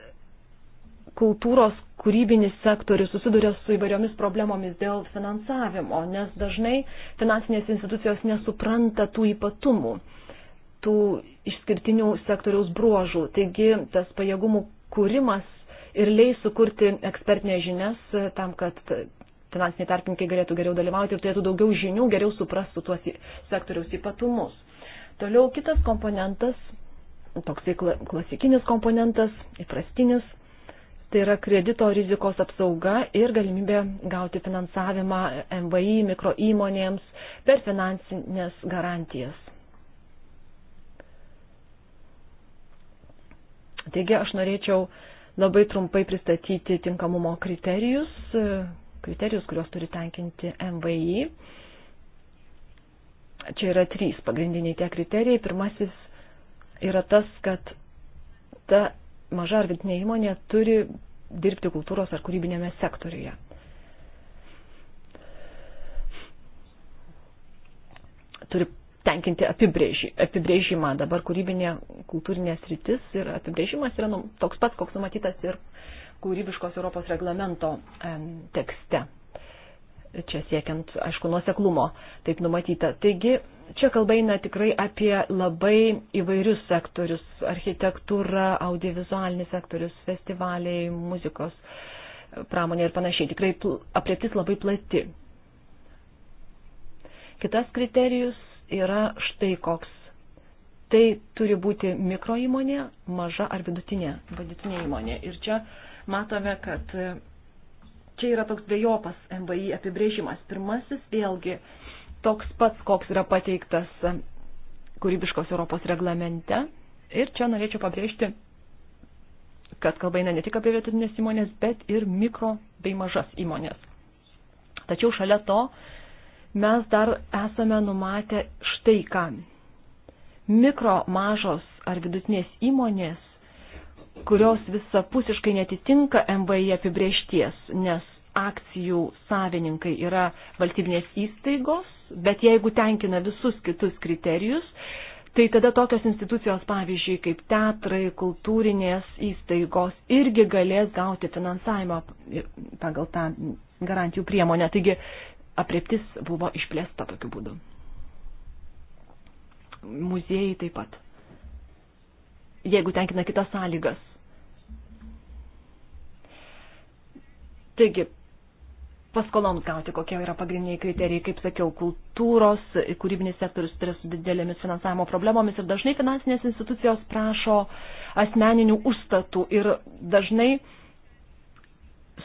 kultūros kūrybinis sektorius susiduria su įvairiomis problemomis dėl finansavimo, nes dažnai finansinės institucijos nesupranta tų ypatumų, tų išskirtinių sektoriaus bruožų. Taigi tas pajėgumų kūrimas ir leis sukurti ekspertinės žinias tam, kad finansiniai tarpininkai galėtų geriau dalyvauti ir turėtų daugiau žinių, geriau suprastų tuos sektoriaus ypatumus. Toliau kitas komponentas, toksai klasikinis komponentas, įprastinis, tai yra kredito rizikos apsauga ir galimybė gauti finansavimą MVI mikro įmonėms per finansinės garantijas. Taigi aš norėčiau labai trumpai pristatyti tinkamumo kriterijus, kriterijus, kuriuos turi tenkinti MVI Čia yra trys pagrindiniai tie kriterijai. Pirmasis yra tas, kad ta maža ar vidinė įmonė turi dirbti kultūros ar kūrybinėme sektoriuje. Turi tenkinti apibrėžimą. Dabar kūrybinė kultūrinė sritis ir apibrėžimas yra nu, toks pats, koks numatytas ir kūrybiškos Europos reglamento em, tekste čia siekiant, aišku, nuoseklumo taip numatyta. Taigi, čia kalba eina tikrai apie labai įvairius sektorius - architektūra, audiovizualinis sektorius, festivaliai, muzikos pramonė ir panašiai. Tikrai aprėptis labai plati. Kitas kriterijus yra štai koks. Tai turi būti mikroįmonė, maža ar vidutinė, vidutinė įmonė. Ir čia matome, kad čia yra toks dviejopas MVI apibrėžimas. Pirmasis vėlgi toks pats, koks yra pateiktas kūrybiškos Europos reglamente. Ir čia norėčiau pabrėžti, kad kalba eina ne tik apie vietinės įmonės, bet ir mikro bei mažas įmonės. Tačiau šalia to mes dar esame numatę štai ką. Mikro, mažos ar vidutinės įmonės kurios visapusiškai netitinka MVI apibriešties, nes akcijų savininkai yra valstybinės įstaigos, bet jeigu tenkina visus kitus kriterijus, tai tada tokios institucijos, pavyzdžiui, kaip teatrai, kultūrinės įstaigos, irgi galės gauti finansavimą pagal tą garantijų priemonę. Taigi apriptis buvo išplėsta tokiu būdu. Muziejai taip pat. Jeigu tenkina kitas sąlygas, Taigi, paskoloms gauti, kokie yra pagrindiniai kriterijai, kaip sakiau, kultūros, kūrybinis sektorius turi su didelėmis finansavimo problemomis ir dažnai finansinės institucijos prašo asmeninių užstatų ir dažnai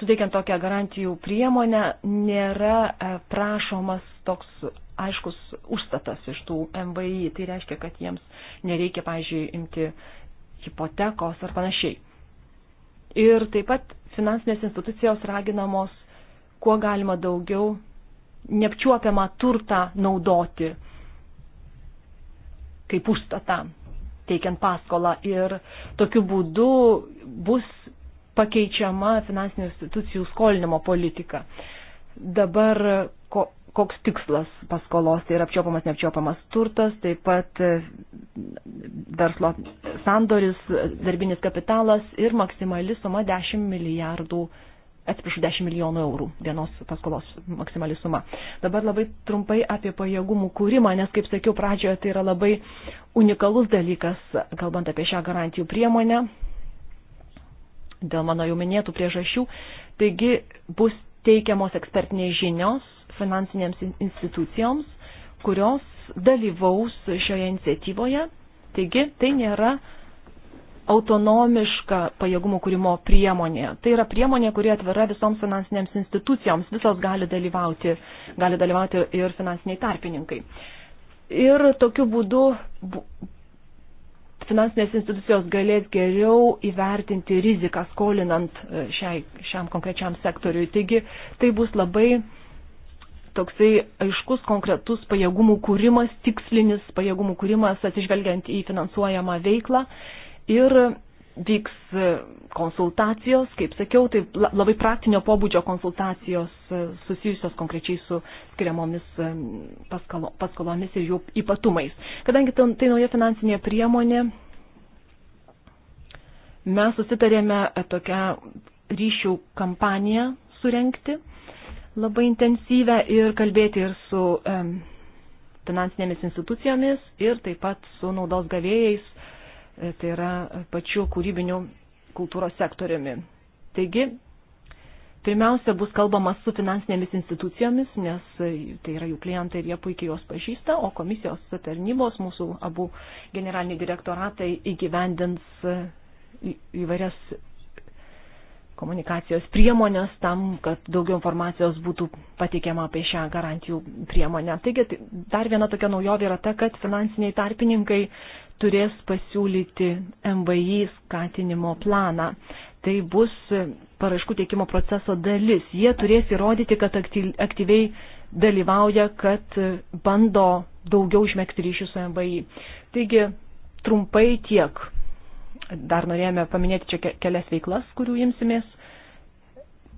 suteikiant tokią garantijų priemonę nėra e, prašomas toks aiškus užstatas iš tų MVI. Tai reiškia, kad jiems nereikia, pavyzdžiui, imti hipotekos ar panašiai ir taip pat finansinės institucijos raginamos kuo galima daugiau neapčiuopiamą turtą naudoti kaip užstatą, teikiant paskolą. Ir tokiu būdu bus pakeičiama finansinių institucijų skolinimo politika. Dabar ko, koks tikslas paskolos, tai yra apčiopamas, neapčiopamas turtas, taip pat e, verslo sandoris, darbinis kapitalas ir maksimali suma 10 milijardų, atsiprašau, 10 milijonų eurų, vienos paskolos maksimali suma. Dabar labai trumpai apie pajėgumų kūrimą, nes, kaip sakiau pradžioje, tai yra labai unikalus dalykas, kalbant apie šią garantijų priemonę, dėl mano jau minėtų priežasčių. Taigi bus teikiamos ekspertinės žinios finansinėms institucijoms, kurios dalyvaus šioje iniciatyvoje. Taigi tai nėra autonomiška pajėgumų kūrimo priemonė. Tai yra priemonė, kuri atvira visoms finansinėms institucijoms. Visos gali dalyvauti, gali dalyvauti ir finansiniai tarpininkai. Ir tokiu būdu finansinės institucijos galės geriau įvertinti riziką skolinant e, šiai, šiam konkrečiam sektoriui. Taigi tai bus labai toksai aiškus, konkretus pajėgumų kūrimas, tikslinis pajėgumų kūrimas atsižvelgiant į finansuojamą veiklą. Ir vyks e, konsultacijos, kaip sakiau, tai labai praktinio pobūdžio konsultacijos e, susijusios konkrečiai su skiriamomis e, paskolomis ir jų ypatumais. Kadangi tai nauja finansinė priemonė, mes susitarėme tokią ryšių kampaniją surenkti labai intensyvę ir kalbėti ir su um, finansinėmis institucijomis ir taip pat su naudos gavėjais, e, tai yra pačiu kūrybiniu kultūros sektoriumi. Taigi, pirmiausia, bus kalbama su finansinėmis institucijomis, nes e, tai yra jų klientai ir jie puikiai juos pažįsta, o komisijos tarnybos, mūsų abu generaliniai direktoratai įgyvendins e, įvairias komunikacijos priemonės tam, kad daugiau informacijos būtų pateikiama apie šią garantijų priemonę. Taigi, dar viena tokia naujovė yra ta, kad finansiniai tarpininkai turės pasiūlyti MVI skatinimo planą. Tai bus paraiškų teikimo proceso dalis. Jie turės įrodyti, kad aktyviai dalyvauja, kad bando daugiau išmėgti ryšių su MVI. Taigi, trumpai tiek Dar norėjome paminėti čia kelias veiklas, kurių imsimės,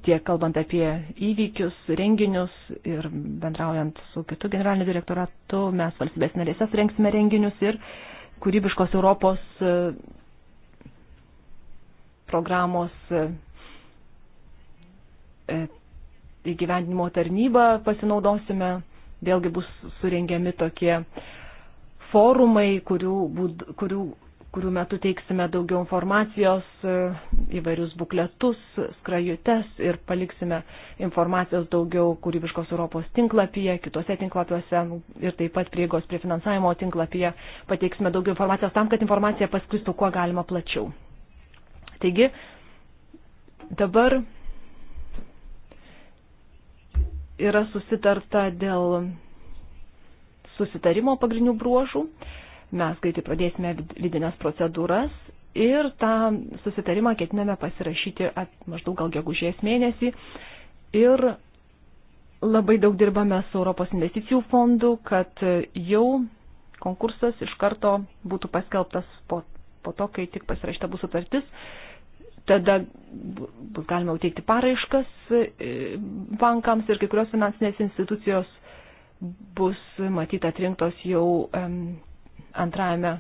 tiek kalbant apie įvykius, renginius ir bendraujant su kitu generaliniu direktoratu, mes valstybės narėse surengsime renginius ir kūrybiškos Europos e, programos e, e, įgyvendinimo tarnybą pasinaudosime. Vėlgi bus surengiami tokie forumai, kurių, būd, kurių kurių metu teiksime daugiau informacijos, e, įvairius bukletus, skrajutes ir paliksime informacijos daugiau kūrybiškos Europos tinklapyje, kitose tinklapiuose nu, ir taip pat prieigos prie finansavimo tinklapyje pateiksime daugiau informacijos tam, kad informacija pasklistų kuo galima plačiau. Taigi, dabar yra susitarta dėl susitarimo pagrindinių bruožų. Mes greitai pradėsime vidinės procedūras ir tą susitarimą ketiname pasirašyti maždaug gal gegužės mėnesį. Ir labai daug dirbame su Europos investicijų fondu, kad jau konkursas iš karto būtų paskelbtas po, po to, kai tik pasirašyta bus sutartis. Tada bus galima teikti paraiškas e, bankams ir kai kurios finansinės institucijos bus matyt atrinktos jau um, antrajame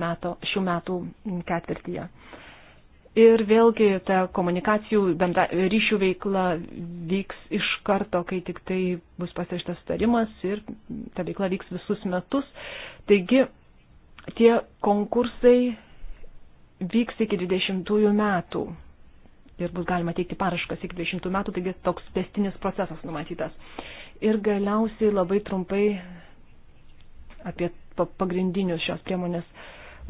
meto, šių metų ketvirtyje. Ir vėlgi ta komunikacijų bendra, ryšių veikla vyks iš karto, kai tik tai bus pasirašytas sutarimas ir ta veikla vyks visus metus. Taigi tie konkursai vyks iki 20 metų ir bus galima teikti paraškas iki 20 metų, taigi toks testinis procesas numatytas. Ir galiausiai labai trumpai apie pagrindinius šios priemonės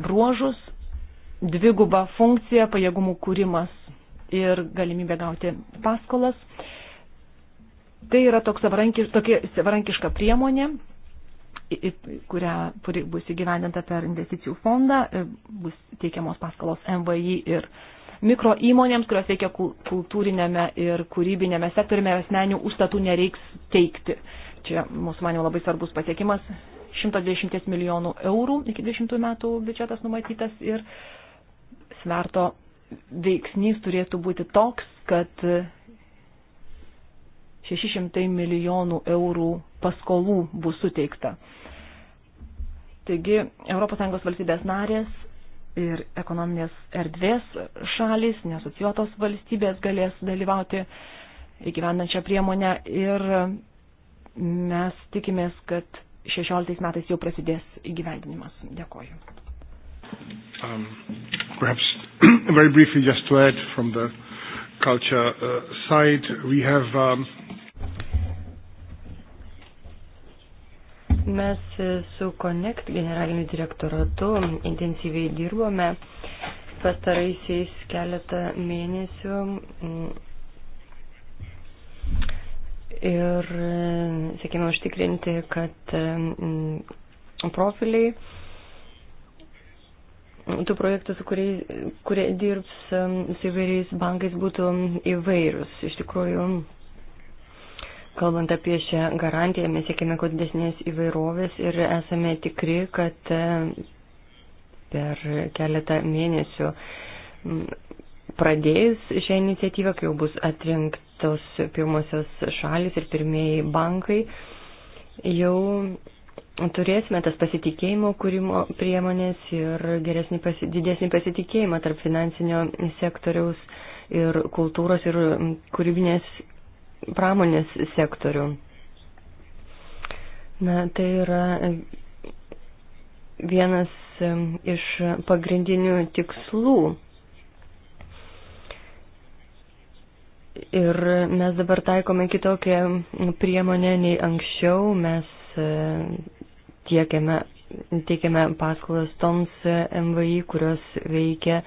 bruožus - dvigubą funkciją, pajėgumų kūrimas ir galimybė gauti paskolas. Tai yra toks savarankiš, tokia savarankiška priemonė, kurią kuri bus įgyvendinta per investicijų fondą, e, bus teikiamos paskolos MVI ir mikro įmonėms, kurios veikia kultūrinėme ir kūrybinėme sektoriume ir asmenių užstatų nereiks teikti. Čia mūsų manimo labai svarbus pasiekimas 120 milijonų eurų iki 20 metų biudžetas numatytas ir sverto veiksnys turėtų būti toks, kad 600 milijonų eurų paskolų bus suteikta. Taigi ES valstybės narės ir ekonominės erdvės šalis, nesociuotos valstybės galės dalyvauti įgyvendančią priemonę ir mes tikimės, kad 16 metais jau prasidės įgyvendinimas. Dėkoju. Um, perhaps very briefly just to add from the culture uh, side, we have um, Mes su Connect generaliniu direktoratu intensyviai dirbome pastaraisiais keletą mėnesių mm, ir siekime užtikrinti, kad mm, profiliai tų projektų, su kuriais kurie dirbs mm, su įvairiais bankais, būtų įvairius. Iš tikrųjų, kalbant apie šią garantiją, mes siekime kuo didesnės įvairovės ir esame tikri, kad mm, per keletą mėnesių pradėjus šią iniciatyvą, kai jau bus atrinkt tos pirmosios šalis ir pirmieji bankai, jau turėsime tas pasitikėjimo kūrimo priemonės ir geresnį, pasi, didesnį pasitikėjimą tarp finansinio sektoriaus ir kultūros ir kūrybinės pramonės sektorių. Na, tai yra vienas iš pagrindinių tikslų Ir mes dabar taikome kitokią priemonę nei anksčiau. Mes e, tiekiame, tiekiame paskolas toms e, MVI, kurios veikia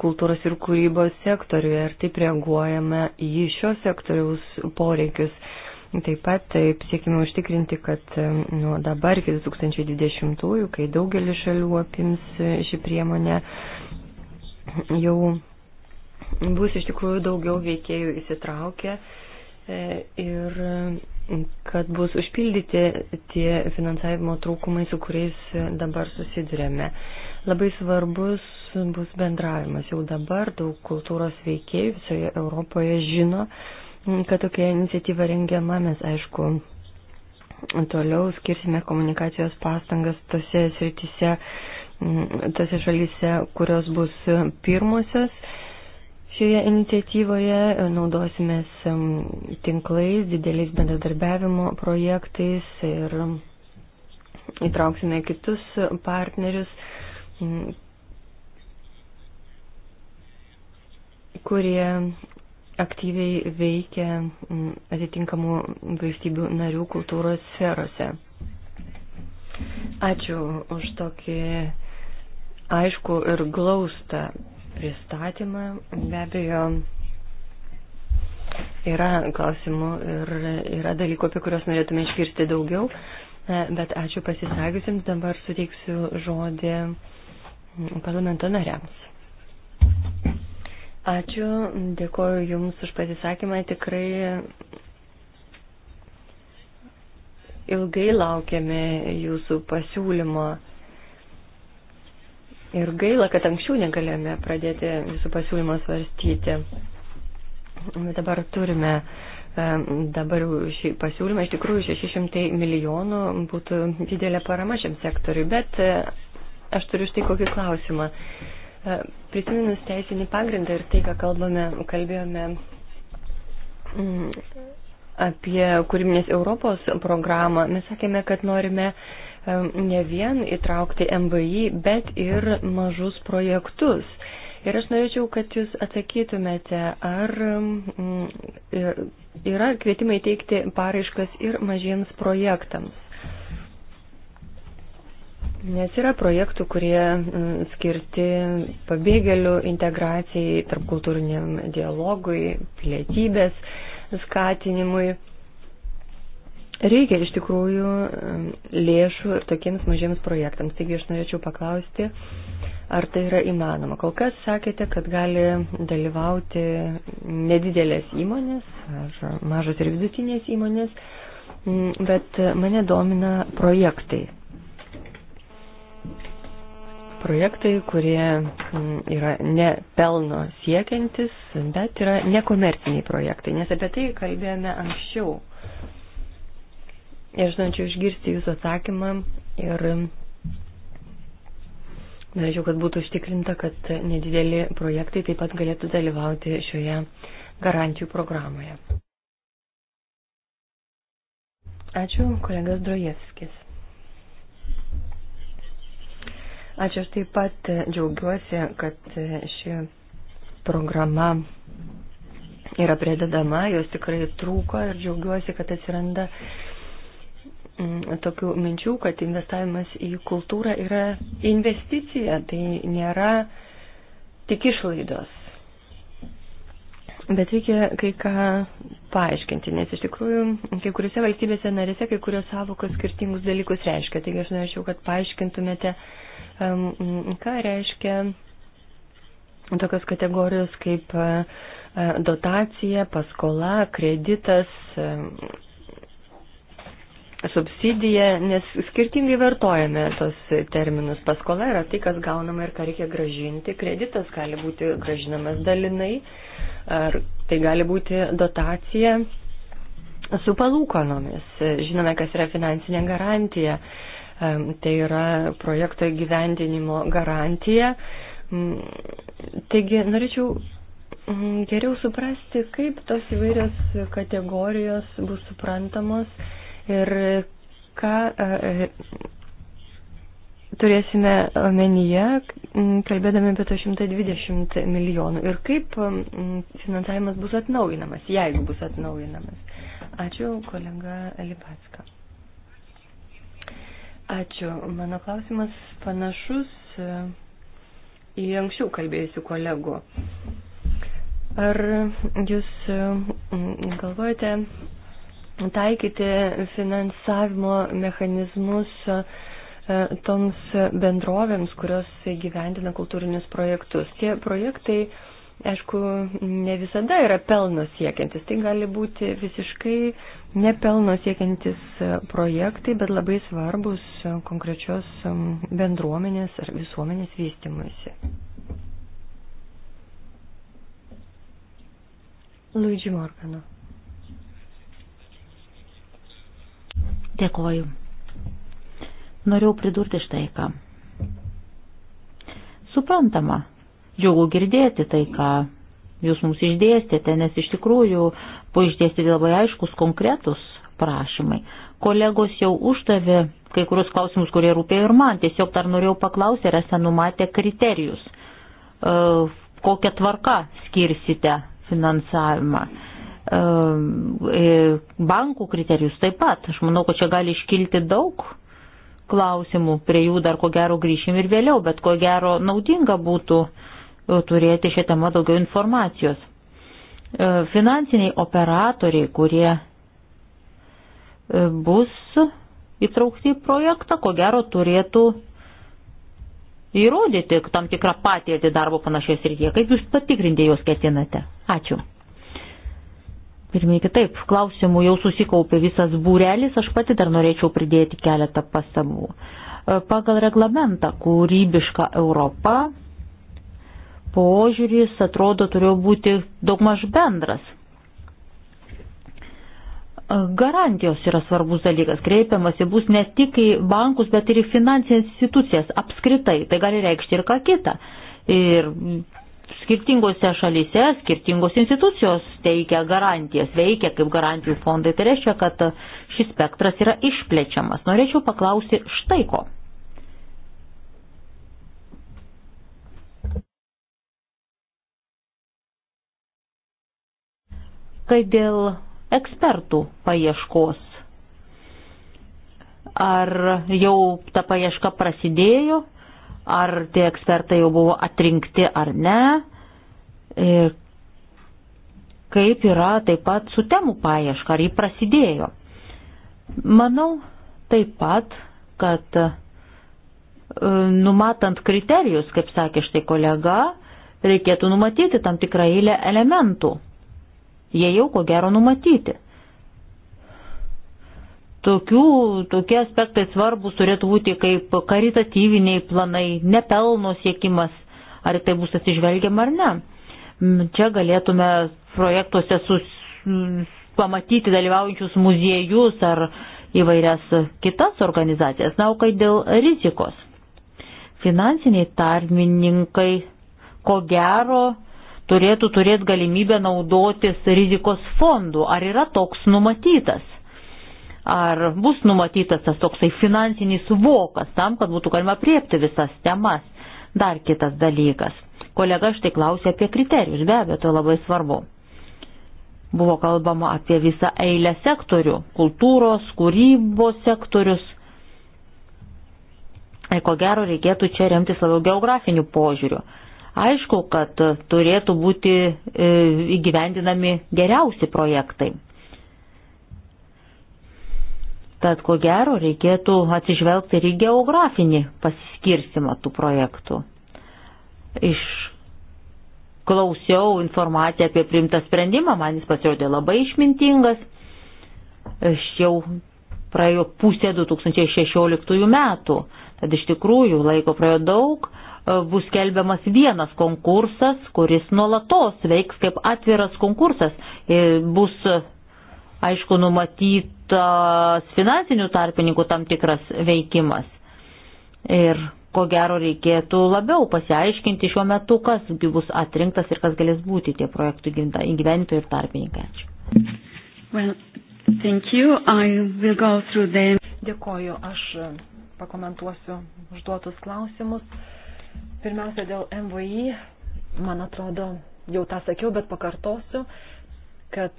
kultūros ir kūrybos sektoriuje ir taip reaguojame į šio sektoriaus poreikius. Taip pat taip siekime užtikrinti, kad e, nuo dabar iki 2020-ųjų, kai daugelis šalių apims šį priemonę, jau bus iš tikrųjų daugiau veikėjų įsitraukę e, ir e, kad bus užpildyti tie finansavimo trūkumai, su kuriais dabar susidurėme. Labai svarbus bus bendravimas. Jau dabar daug kultūros veikėjų visoje Europoje žino, kad tokia iniciatyva rengiama. Mes, aišku, toliau skirsime komunikacijos pastangas tose sritise, tose šalyse, kurios bus pirmosios Šioje iniciatyvoje e, naudosimės tinklais, dideliais bendradarbiavimo projektais ir įtrauksime kitus partnerius, kurie aktyviai veikia atitinkamų valstybių narių kultūros sferose. Ačiū už tokį aišku ir glaustą pristatymą. Be abejo, yra klausimų ir yra dalykų, apie kuriuos norėtume išgirsti daugiau, e, bet ačiū pasisakiusiams, dabar suteiksiu žodį parlamento nariams. Ačiū, dėkoju Jums už pasisakymą, tikrai ilgai laukiame Jūsų pasiūlymo Ir gaila, kad anksčiau negalėjome pradėti jūsų pasiūlymą svarstyti. Bet dabar turime e, dabar šį pasiūlymą. Iš tikrųjų, 600 milijonų būtų didelė parama šiam sektoriui. Bet e, aš turiu štai kokį klausimą. E, prisiminus teisinį pagrindą ir tai, ką kalbame, kalbėjome mm, apie kūrybinės Europos programą, mes sakėme, kad norime ne vien įtraukti MVI, bet ir mažus projektus. Ir aš norėčiau, kad jūs atsakytumėte, ar yra kvietimai teikti paraiškas ir mažiems projektams. Nes yra projektų, kurie skirti pabėgėlių integracijai, tarpkultūriniam dialogui, pilietybės skatinimui. Reikia iš tikrųjų lėšų ir tokiems mažiems projektams. Taigi aš norėčiau paklausti, ar tai yra įmanoma. Kol kas sakėte, kad gali dalyvauti nedidelės įmonės ar mažos ir vidutinės įmonės, bet mane domina projektai. Projektai, kurie yra ne pelno siekiantis, bet yra nekomerciniai projektai, nes apie tai kalbėjome anksčiau Ir aš norėčiau išgirsti jūsų atsakymą ir norėčiau, kad būtų užtikrinta, kad nedideli projektai taip pat galėtų dalyvauti šioje garantijų programoje. Ačiū, kolegas Drojevskis. Ačiū, aš taip pat džiaugiuosi, kad ši programa yra pridedama, jos tikrai trūko ir džiaugiuosi, kad atsiranda uh, Mm, tokių minčių, kad investavimas į kultūrą yra investicija, tai nėra tik išlaidos. Bet reikia kai ką paaiškinti, nes iš tikrųjų kai kuriuose valstybėse narėse kai kurios savokos skirtingus dalykus reiškia. Taigi aš norėčiau, kad paaiškintumėte, um, mm, ką reiškia tokios kategorijos kaip uh, dotacija, paskola, kreditas, um, subsidiją, nes skirtingai vartojame tos terminus. Paskola yra tai, kas gaunama ir ką reikia gražinti. Kreditas gali būti gražinamas dalinai, ar tai gali būti dotacija su palūkanomis. Žinome, kas yra finansinė garantija. Tai yra projekto gyvendinimo garantija. Taigi, norėčiau geriau suprasti, kaip tos įvairios kategorijos bus suprantamos ir ką e, turėsime omenyje, kalbėdami apie 120 milijonų ir kaip finansavimas bus atnaujinamas, jeigu bus atnaujinamas. Ačiū, kolega Lipatska. Ačiū. Mano klausimas panašus e, į anksčiau kalbėjusių kolegų. Ar jūs galvojate taikyti finansavimo mechanizmus e, toms bendrovėms, kurios gyventina kultūrinius projektus. Tie projektai, aišku, ne visada yra pelno siekiantis. Tai gali būti visiškai nepelno siekiantis e, projektai, bet labai svarbus e, konkrečios bendruomenės ar visuomenės vystimuisi. Luigi Morgano. Dėkoju. Norėjau pridurti štai ką. Suprantama, džiugu girdėti tai, ką jūs mums išdėstėte, nes iš tikrųjų buvo išdėstyti labai aiškus, konkretus prašymai. Kolegos jau uždavė kai kurios klausimus, kurie rūpėjo ir man. Tiesiog dar norėjau paklausti, ar esate numatę kriterijus, e, kokią tvarką skirsite finansavimą. Ehm, e, bankų kriterijus taip pat. Aš manau, kad čia gali iškilti daug klausimų, prie jų dar ko gero grįšim ir vėliau, bet ko gero naudinga būtų e, turėti šią temą daugiau informacijos. E, finansiniai operatoriai, kurie bus įtraukti į projektą, ko gero turėtų įrodyti tam tikrą patirtį darbo panašios rytyje. Kaip jūs patikrinti juos ketinate? Ačiū. Pirmininkai, taip, klausimų jau susikaupė visas būrelis, aš pati dar norėčiau pridėti keletą pastabų. E, pagal reglamentą kūrybiška Europa požiūris atrodo turėjo būti daugmaž bendras. E, garantijos yra svarbus dalykas, kreipiamasi bus ne tik į bankus, bet ir į finansinės institucijas apskritai, tai gali reikšti ir ką kitą. Ir Skirtingose šalyse skirtingos institucijos teikia garantijas, veikia kaip garantijų fondai. Tai reiškia, kad šis spektras yra išplečiamas. Norėčiau paklausti štai ko. Kai dėl ekspertų paieškos ar jau ta paieška prasidėjo, ar tie ekspertai jau buvo atrinkti ar ne, ir kaip yra taip pat su temų paieška, ar jį prasidėjo. Manau taip pat, kad e, numatant kriterijus, kaip sakė štai kolega, reikėtų numatyti tam tikrą eilę elementų. Jie jau ko gero numatyti. Tokių, tokie aspektai svarbus turėtų būti kaip karitatyviniai planai, nepelno siekimas, ar tai bus atsižvelgiama ar ne. Čia galėtume projektuose sus, pamatyti dalyvaujančius muziejus ar įvairias kitas organizacijas. Na, o kai dėl rizikos. Finansiniai tarmininkai, ko gero, turėtų turėti galimybę naudotis rizikos fondų. Ar yra toks numatytas? Ar bus numatytas tas toksai finansinis vokas tam, kad būtų galima priepti visas temas? Dar kitas dalykas. Kolega štai klausė apie kriterijus, be abejo, tai labai svarbu. Buvo kalbama apie visą eilę sektorių - kultūros, kūrybos sektorius. Ir e, ko gero reikėtų čia remtis labiau geografiniu požiūriu. Aišku, kad turėtų būti e, įgyvendinami geriausi projektai. Tad ko gero reikėtų atsižvelgti ir į geografinį pasiskirstimą tų projektų. Iš klausiau informaciją apie primtą sprendimą, man jis pasirodė labai išmintingas. Aš jau praėjo pusė 2016 metų, tad iš tikrųjų laiko praėjo daug, e, bus kelbiamas vienas konkursas, kuris nuolatos veiks kaip atviras konkursas, bus aišku, numatytas finansinių tarpininkų tam tikras veikimas. Ir ko gero reikėtų labiau pasiaiškinti šiuo metu, kas bus atrinktas ir kas galės būti tie projektų įgyventojai ir tarpininkai. Ačiū. Well, Dėkoju, aš pakomentuosiu užduotus klausimus. Pirmiausia, dėl MVI, man atrodo, jau tą sakiau, bet pakartosiu, kad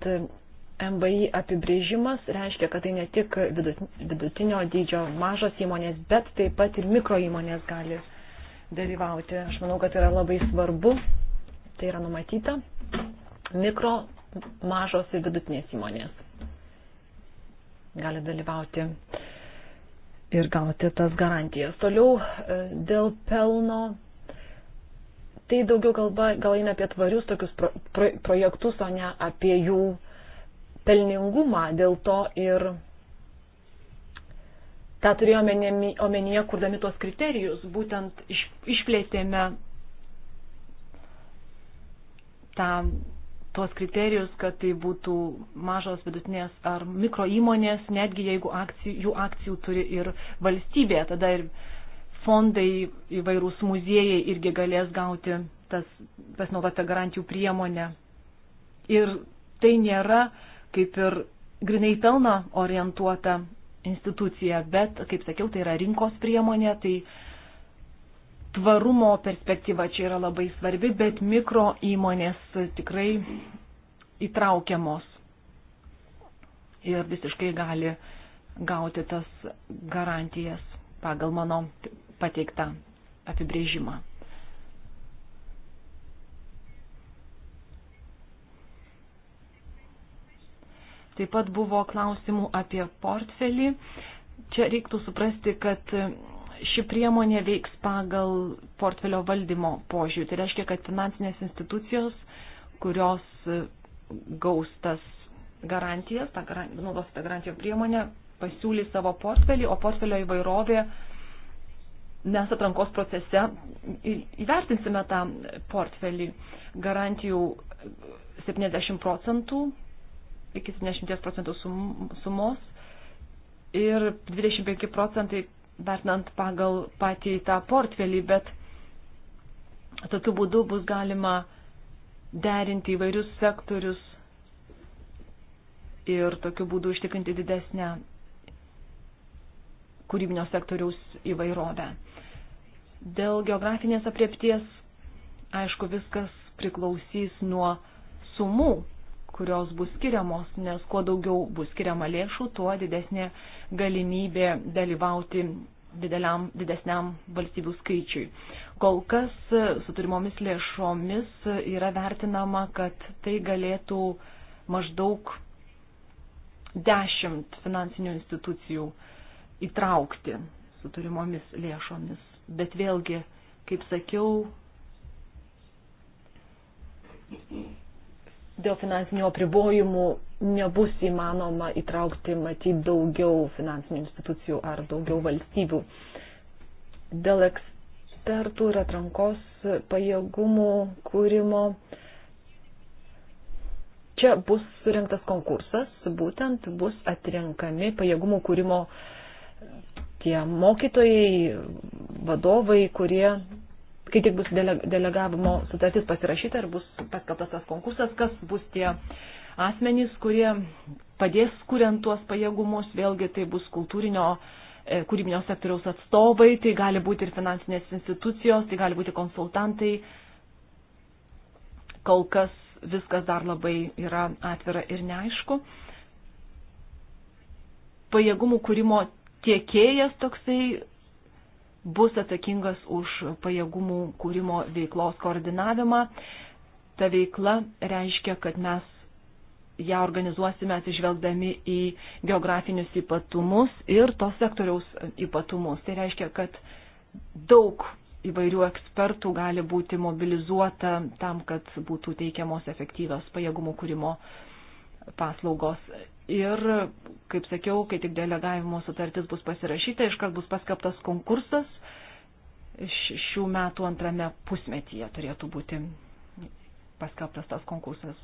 MBI apibrėžimas reiškia, kad tai ne tik vidutinio dydžio mažos įmonės, bet taip pat ir mikro įmonės gali dalyvauti. Aš manau, kad tai yra labai svarbu, tai yra numatyta, mikro, mažos ir vidutinės įmonės gali dalyvauti ir gauti tas garantijas. Toliau e, dėl pelno. Tai daugiau kalba gal eina apie tvarius tokius pro, pro, projektus, o ne apie jų uh, pelningumą, dėl to ir tą turėjome omenyje, kurdami tos kriterijus, būtent išplėtėme tą, tuos kriterijus, kad tai būtų mažos vidutinės ar mikro įmonės, netgi jeigu akcijų, jų akcijų turi ir valstybė, tada ir fondai įvairūs muziejai irgi galės gauti tas pasinaudotą garantijų priemonę. Ir tai nėra uh, kaip ir grinai pelno orientuota institucija, bet, kaip sakiau, tai yra rinkos priemonė, tai tvarumo perspektyva čia yra labai svarbi, bet mikro įmonės tikrai įtraukiamos ir visiškai gali gauti tas garantijas pagal mano pateiktą apibrėžimą. Taip pat buvo klausimų apie portfelį. Čia reiktų suprasti, kad ši priemonė veiks pagal portfelio valdymo požiūrį. Tai reiškia, kad finansinės institucijos, kurios gaus tas garantijas, ta garant, naudos tą garantijų priemonę, pasiūlys savo portfelį, o portfelio įvairovė mes atrankos procese įvertinsime tą portfelį garantijų 70 procentų iki 70 procentų sumos ir 25 procentai vertinant pagal patį tą portfelį, bet tokiu būdu bus galima derinti įvairius sektorius ir tokiu būdu užtikrinti didesnę kūrybinio sektoriaus įvairovę. Dėl geografinės apriepties, aišku, viskas priklausys nuo sumų, kurios bus skiriamos, nes kuo daugiau bus skiriama lėšų, tuo didesnė galimybė dalyvauti dideliam, didesniam valstybių skaičiui. Kol kas su turimomis lėšomis yra vertinama, kad tai galėtų maždaug dešimt finansinių institucijų įtraukti su turimomis lėšomis. Bet vėlgi, kaip sakiau, dėl finansinių apribojimų nebus įmanoma įtraukti, matyt, daugiau finansinių institucijų ar daugiau valstybių. Dėl ekspertų ir atrankos pajėgumų kūrimo čia bus surinktas konkursas, būtent bus atrenkami pajėgumų kūrimo tie mokytojai, vadovai, kurie kai tik bus delegavimo sutartis pasirašyta ir bus paskelbtas tas konkursas, kas bus tie asmenys, kurie padės kuriant tuos pajėgumus, vėlgi tai bus kultūrinio e, kūrybinio sektoriaus atstovai, tai gali būti ir finansinės institucijos, tai gali būti konsultantai. Kol kas viskas dar labai yra atvira ir neaišku. Pajėgumų kūrimo tiekėjas toksai bus atsakingas už pajėgumų kūrimo veiklos koordinavimą. Ta veikla reiškia, kad mes ją organizuosime atsižvelgdami į geografinius ypatumus ir to sektoriaus ypatumus. Tai reiškia, kad daug įvairių ekspertų gali būti mobilizuota tam, kad būtų teikiamos efektyvios pajėgumų kūrimo paslaugos. Ir, kaip sakiau, kai tik delegavimo sutartis bus pasirašyta, iškart bus paskaptas konkursas šių metų antrame pusmetyje turėtų būti paskelbtas tas konkursas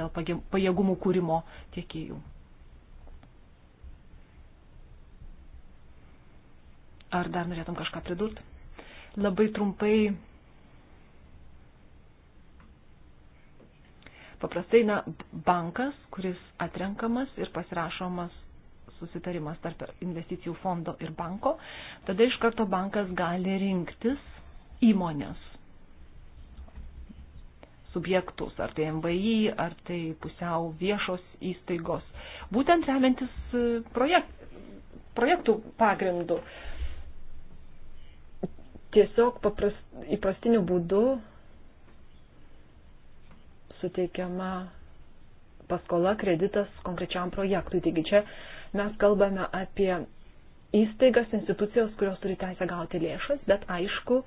dėl pajėgumų kūrimo tiekėjų. Ar dar norėtum kažką pridurti? Labai trumpai Paprastai, na, bankas, kuris atrenkamas ir pasirašomas susitarimas tarp investicijų fondo ir banko, tada iš karto bankas gali rinktis įmonės subjektus, ar tai MVI, ar tai pusiau viešos įstaigos, būtent remiantis e, projek projektų pagrindu. Tiesiog papras, įprastiniu būdu suteikiama paskola, kreditas konkrečiam projektui. Taigi čia mes kalbame apie įstaigas, institucijos, kurios turi teisę gauti lėšas, bet aišku,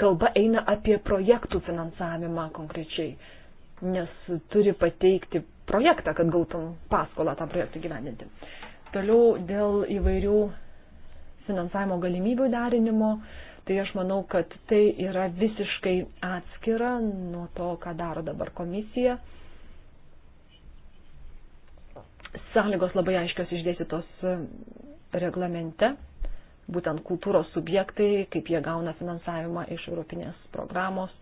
kalba eina apie projektų finansavimą konkrečiai, nes turi pateikti projektą, kad gautum paskolą tam projektui gyvendinti. Toliau dėl įvairių finansavimo galimybių derinimo Tai aš manau, kad tai yra visiškai atskira nuo to, ką daro dabar komisija. Sąlygos labai aiškios išdėstytos reglamente, būtent kultūros subjektai, kaip jie gauna finansavimą iš Europinės programos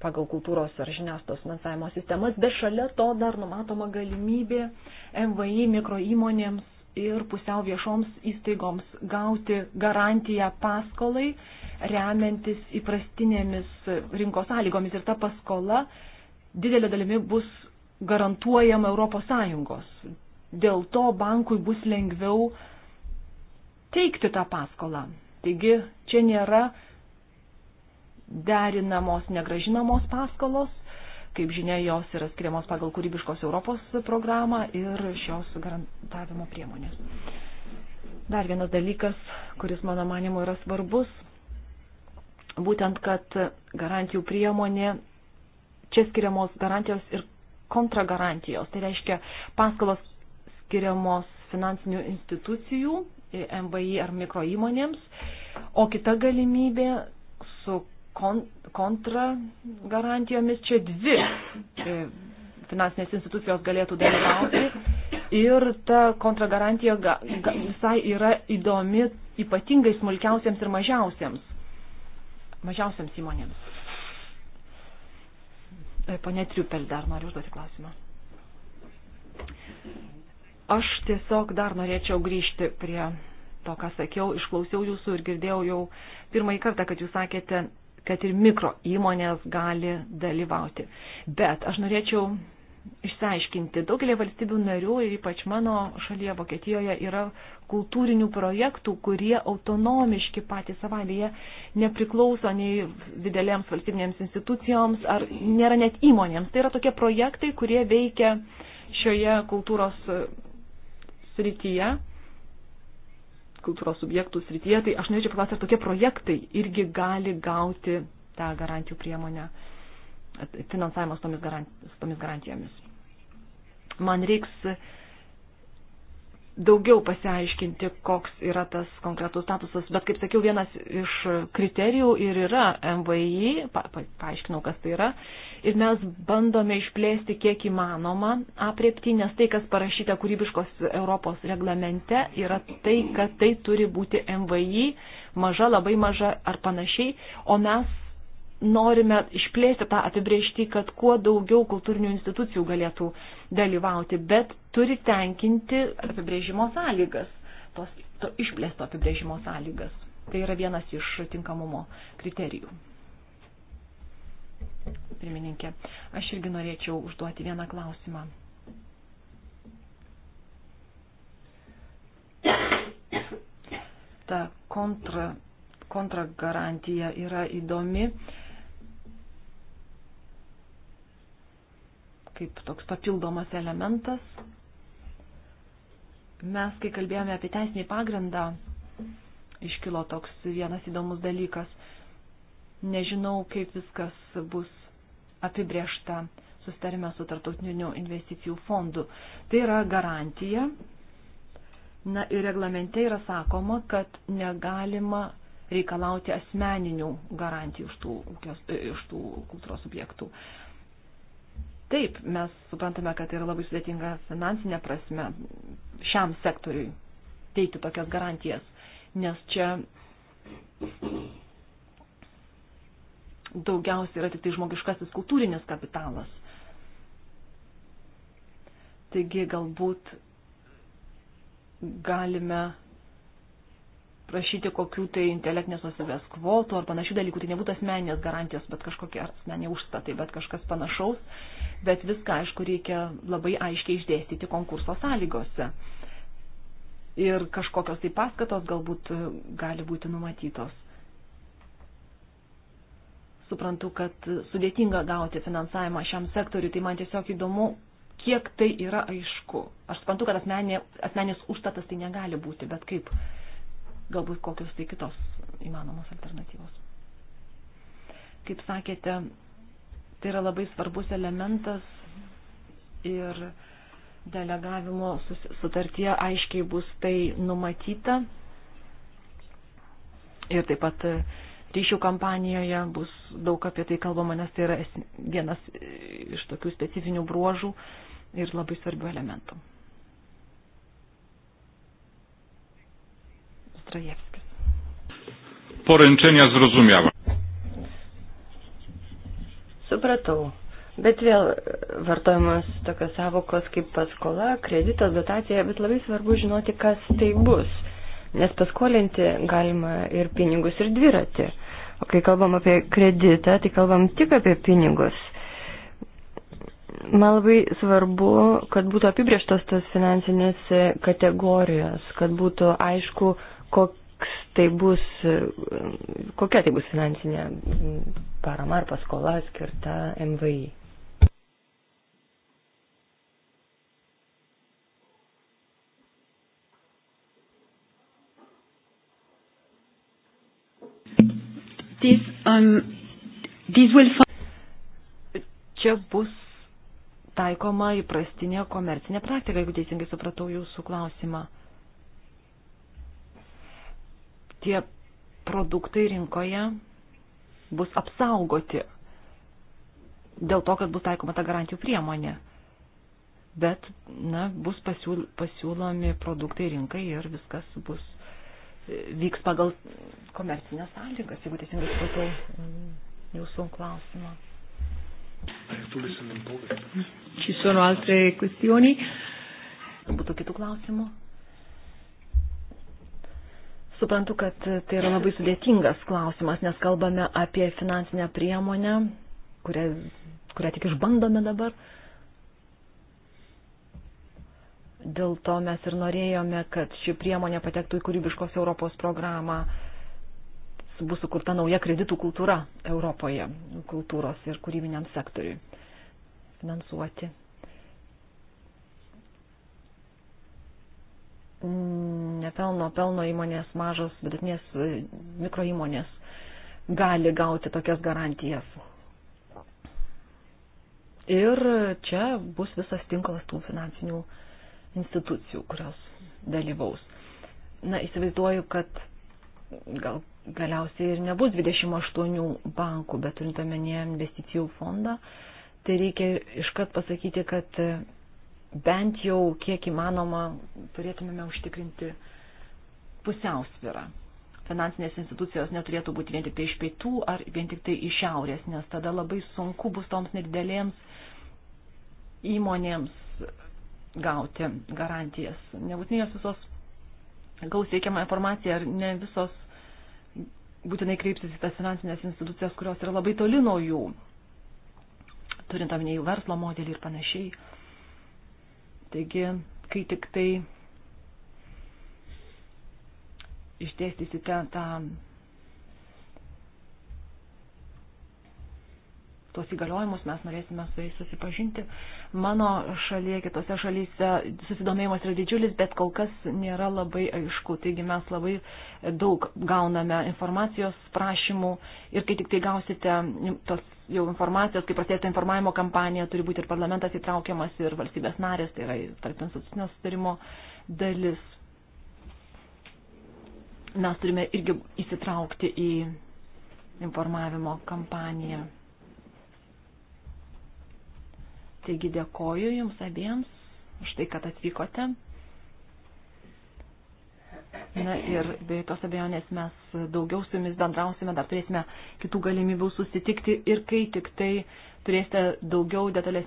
pagal kultūros ar žiniasklaidos finansavimo sistemas, bet šalia to dar numatoma galimybė MVI mikroįmonėms ir pusiau viešoms įstaigoms gauti garantiją paskolai, remiantis įprastinėmis rinkos sąlygomis. Ir ta paskola didelė dalimi bus garantuojama ES. Dėl to bankui bus lengviau teikti tą paskolą. Taigi čia nėra derinamos negražinamos paskolos, Kaip žinia, jos yra skiriamos pagal kūrybiškos Europos programą ir šios garantavimo priemonės. Dar vienas dalykas, kuris mano manimo yra svarbus, būtent, kad garantijų priemonė, čia skiriamos garantijos ir kontragarantijos. Tai reiškia paskalos skiriamos finansinių institucijų, MVI ar mikroįmonėms, o kita galimybė su kon kontra garantijomis. Čia dvi e, finansinės institucijos galėtų dalyvauti. Ir ta kontragarantija visai yra įdomi ypatingai smulkiausiams ir mažiausiams, mažiausiams įmonėms. E, Pane Triupel, dar noriu užduoti klausimą. Aš tiesiog dar norėčiau grįžti prie to, ką sakiau, išklausiau jūsų ir girdėjau jau pirmąjį kartą, kad jūs sakėte, kad ir mikro įmonės gali dalyvauti. Bet aš norėčiau išsiaiškinti, daugelį valstybių narių ir ypač mano šalyje Vokietijoje yra kultūrinių projektų, kurie autonomiški patys savaime nepriklauso nei didelėms valstybinėms institucijoms ar nėra net įmonėms. Tai yra tokie projektai, kurie veikia šioje kultūros srityje kultūros subjektų srityje, tai aš norėčiau paklausti, ar tokie projektai irgi gali gauti tą garantijų priemonę, finansavimą su tomis, garanti, su tomis garantijomis. Man reiks daugiau pasiaiškinti, koks yra tas konkretus statusas, bet kaip sakiau, vienas iš kriterijų ir yra MVI, pa, pa, paaiškinau, kas tai yra, ir mes bandome išplėsti kiek įmanoma apriepti, nes tai, kas parašyta kūrybiškos Europos reglamente, yra tai, kad tai turi būti MVI, maža, labai maža ar panašiai, o mes norime išplėsti tą apibriežtį, kad kuo daugiau kultūrinių institucijų galėtų dalyvauti, bet turi tenkinti apibrėžimo sąlygas, tos to išplėsto apibrėžimo sąlygas. Tai yra vienas iš tinkamumo kriterijų pirmininkė. Aš irgi norėčiau užduoti vieną klausimą. Ta kontra, kontra garantija yra įdomi kaip toks papildomas elementas. Mes, kai kalbėjome apie teisinį pagrindą, iškilo toks vienas įdomus dalykas. Nežinau, kaip viskas bus apibriešta sustarime su tartautiniu investicijų fondu. Tai yra garantija. Na ir reglamente yra sakoma, kad negalima reikalauti asmeninių garantijų iš tų, iš tų kultūros subjektų. Taip, mes suprantame, kad tai yra labai sudėtinga finansinė prasme šiam sektoriui teikti tokias garantijas, nes čia daugiausiai yra tik tai žmogiškasis kultūrinis kapitalas. Taigi galbūt galime prašyti kokių tai intelektinės nusavės kvotų ar panašių dalykų, tai nebūtų asmeninės garantijos, bet kažkokie asmeniniai užstatai, bet kažkas panašaus, bet viską, aišku, reikia labai aiškiai išdėstyti konkurso sąlygose. Ir kažkokios tai paskatos galbūt gali būti numatytos suprantu, kad sudėtinga gauti finansavimą šiam sektoriu, tai man tiesiog įdomu, kiek tai yra aišku. Aš suprantu, kad asmenė, asmenės užtatas tai negali būti, bet kaip, galbūt kokios tai kitos įmanomos alternatyvos. Kaip sakėte, tai yra labai svarbus elementas ir delegavimo sutartyje aiškiai bus tai numatyta. Ir taip pat ryšių kampanijoje bus daug apie tai kalbama, nes tai yra vienas iš tokių specifinių bruožų ir labai svarbių elementų. Strajewskis. Poręczenia zrozumiała. Supratau. Bet vėl vartojamas tokios savokos kaip paskola, kredito, dotacija, bet labai svarbu žinoti, kas tai bus nes paskolinti galima ir pinigus, ir dviratį. O kai kalbam apie kreditą, tai kalbam tik apie pinigus. Man labai svarbu, kad būtų apibrieštos tos finansinės kategorijos, kad būtų aišku, koks tai bus, kokia tai bus finansinė parama ar paskola skirta MVI. This, um, this will... Čia bus taikoma įprastinė komercinė praktika, jeigu teisingai supratau jūsų klausimą. Tie produktai rinkoje bus apsaugoti dėl to, kad bus taikoma ta garantijų priemonė. Bet, na, bus pasiūl, pasiūlomi produktai rinkai ir viskas bus vyks pagal komercinės sąlygas, jeigu teisingai supratau mm, jūsų klausimą. Ci sono altre questioni? Būtų kitų klausimų? Suprantu, kad tai yra labai sudėtingas klausimas, nes kalbame apie finansinę priemonę, kurią, kurią tik išbandome dabar. Uh, Dėl to mes ir norėjome, kad ši priemonė patektų į kūrybiškos Europos programą. Bus sukurta nauja kreditų kultūra Europoje, kultūros ir kūrybiniam sektoriui finansuoti. Nepelno, pelno įmonės, mažos, vidutinės mikroįmonės gali gauti tokias garantijas. Ir čia bus visas tinklas tų finansinių institucijų, kurios dalyvaus. Na, įsivaizduoju, kad gal galiausiai ir nebus 28 bankų, bet turint omenyje investicijų fondą, tai reikia iškart pasakyti, kad bent jau kiek įmanoma turėtumėme užtikrinti pusiausvyrą. Finansinės institucijos neturėtų būti vien tik tai iš pietų ar vien tik tai iš šiaurės, nes tada labai sunku bus toms nedidelėms įmonėms gauti garantijas. Nebūtinai jos visos gaus reikiamą informaciją ar ne visos būtinai kreipsis į tas finansinės institucijas, kurios yra labai toli nuo jų, turint omenyje jų verslo modelį ir panašiai. Taigi, kai tik tai išdėstysite tą tuos įgaliojimus mes norėsime su jais susipažinti. Mano šalyje, kitose šalyse susidomėjimas yra didžiulis, bet kol kas nėra labai aišku. Taigi mes labai daug gauname informacijos prašymų ir kai tik tai gausite tos jau informacijos, kai prasidėtų informavimo kampanija, turi būti ir parlamentas įtraukiamas, ir valstybės narės, tai yra tarp institucinio sutarimo dalis. Mes turime irgi įsitraukti į informavimo kampaniją. Taigi dėkoju Jums abiems už tai, kad atvykote. Na ir be jokios abejonės mes daugiau su jumis bendrausime, dar turėsime kitų galimybių susitikti ir kai tik tai turėsite daugiau detalės.